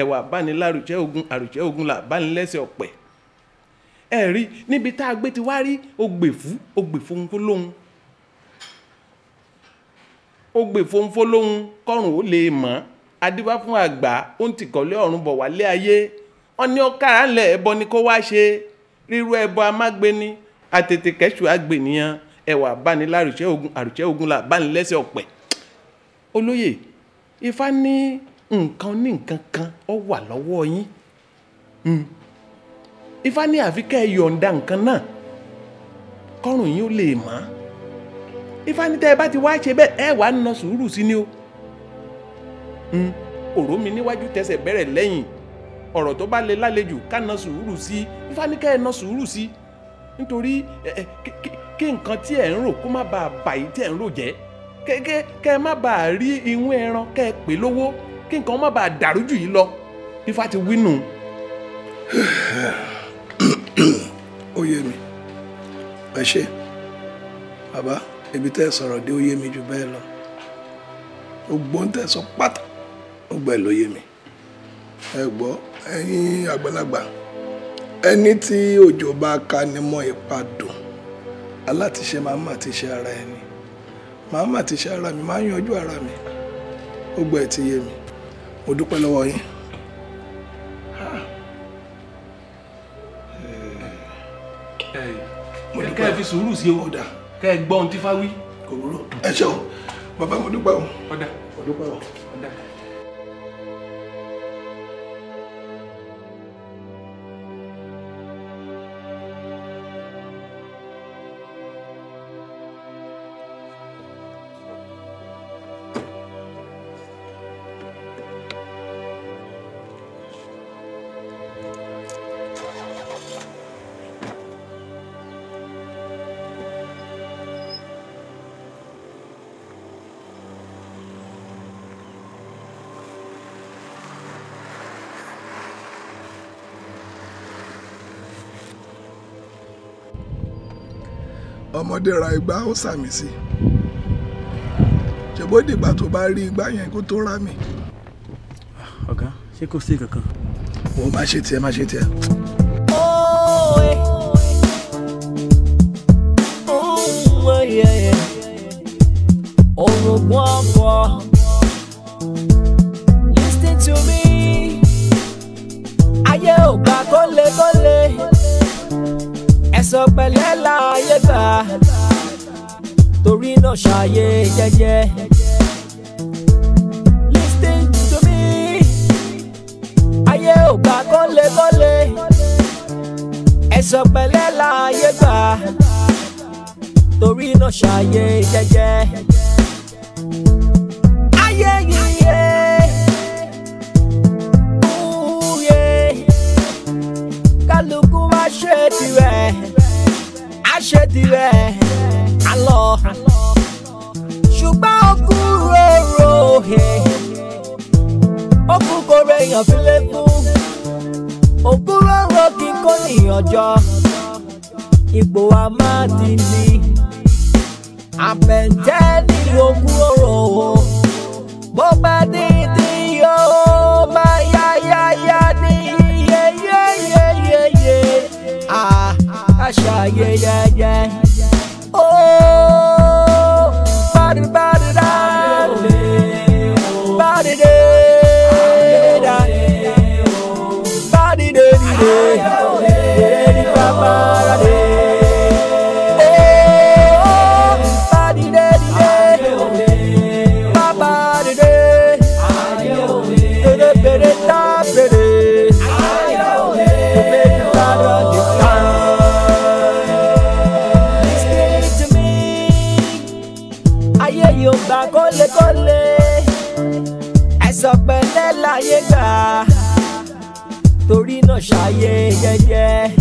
Speaker 7: ẹ̀wà abánilárùjẹ́ ogun àrùjẹ́ ogun là bánilẹ́sẹ̀ ọ̀pẹ̀ ẹ̀rí níbi tá a gbé ti wá rí ògbèfú ògbèfú ńkó lóhun ó gbè fónfó lóhun kọ́rùn ó lè fún àgbà ó ń tìkọ́lé ọ̀run bọ̀ wálé ayé wọ́n ní ọ̀kàrà ni kó wá ṣe rírú ẹbọ amágbéni àtètè kẹ́sù àgbènìyàn ẹwà bánilá àrùṣẹ́ ogun ogun là bánilẹ́sẹ̀ olóyè ifá ní nǹkan ní nǹkan kan ọ wà lọ́wọ́ yín hmm. ifá ní àfikẹ́ yọ̀ǹda nǹkan náà yín ó lè ifa tẹ́ ẹ bá ti wá ṣe bẹ́ẹ̀ ẹ wàá nà sùúrù sí ni o òró hmm, mi níwájú tẹsẹ̀ bẹ̀rẹ̀ lẹ́yìn ọ̀rọ̀ tó bá le lálejò ká nà sùúrù sí Ifeanyi ká ẹ nà sùúrù sí nítorí kí nǹkan tí ẹ̀ ń rò kó má bàa bàyí tí ẹ̀ ń rò jẹ́ kẹ́kẹ́ kẹ́ ẹ má bàa rí ìwé ẹran kẹ́ ẹ pè lówó kí nǹkan má dàrú jù yìí lọ ti wí nù.
Speaker 1: ó yé mi ẹ ṣe bàbá. ibi tẹ́ sọ̀rọ̀ dé ó yé mi jù bẹ́ẹ̀ lọ gbogbo ń tẹ́ sọ pátá gbogbo ẹ̀ ló yé mi ẹ gbọ́ ẹ̀yin àgbàlagbà ẹni tí òjò bá ka ni mọ́ ipa dùn alátiṣe máa má ti ṣe ara ẹni máa ti ṣe ara mi máa yanjú ara mi gbogbo ẹ̀ ti yé mi mo dúpẹ́ lọ́wọ́ yín.
Speaker 7: Ah. Eh. mo dúpẹ́ kẹ́kẹ́ fi sùúrù sí i kẹ́ ẹ gbọ́ ohun tí fáwí. kò burú ẹ ṣeun bàbá mo dúpẹ́ o. ọ̀dà mo dúpẹ́ o.
Speaker 1: ọmọdé ra igbá ó sàmì sí ṣèbó dìgbà tó bá rí igbá yẹn kó tó rà mí. ọ̀gá ṣé kò sí kankan. wọ́n máa ṣe tiẹ̀ máa ṣe tiẹ̀.
Speaker 2: orogún ọkọ̀ listen to me ayé ò gbà kólekóle ẹ̀sọ̀ pẹ̀lẹ́ láàyè gbà lọ ṣàyè jẹ́jẹ́. Listen to me ayé ò gbà kọ́lékọ́lé ẹ̀sọ̀ pẹ̀lẹ́ láàyè gbà torí náà ṣàyè jẹ́jẹ́. ayé yìí yeah. kálukú wá ṣe tirẹ̀ á ṣe tirẹ̀ á lọ róró he òkú kórè èèyàn fi lé fún òkú róró kí kò ní ọjọ́ ipò wa máa ti di àpẹ̀tẹ́ ní òkú róró bó bá dín dín yóò máa yá yá yá ní iye yé yé yé yé àṣà yé yé yé ó bá yeah, yeah, yeah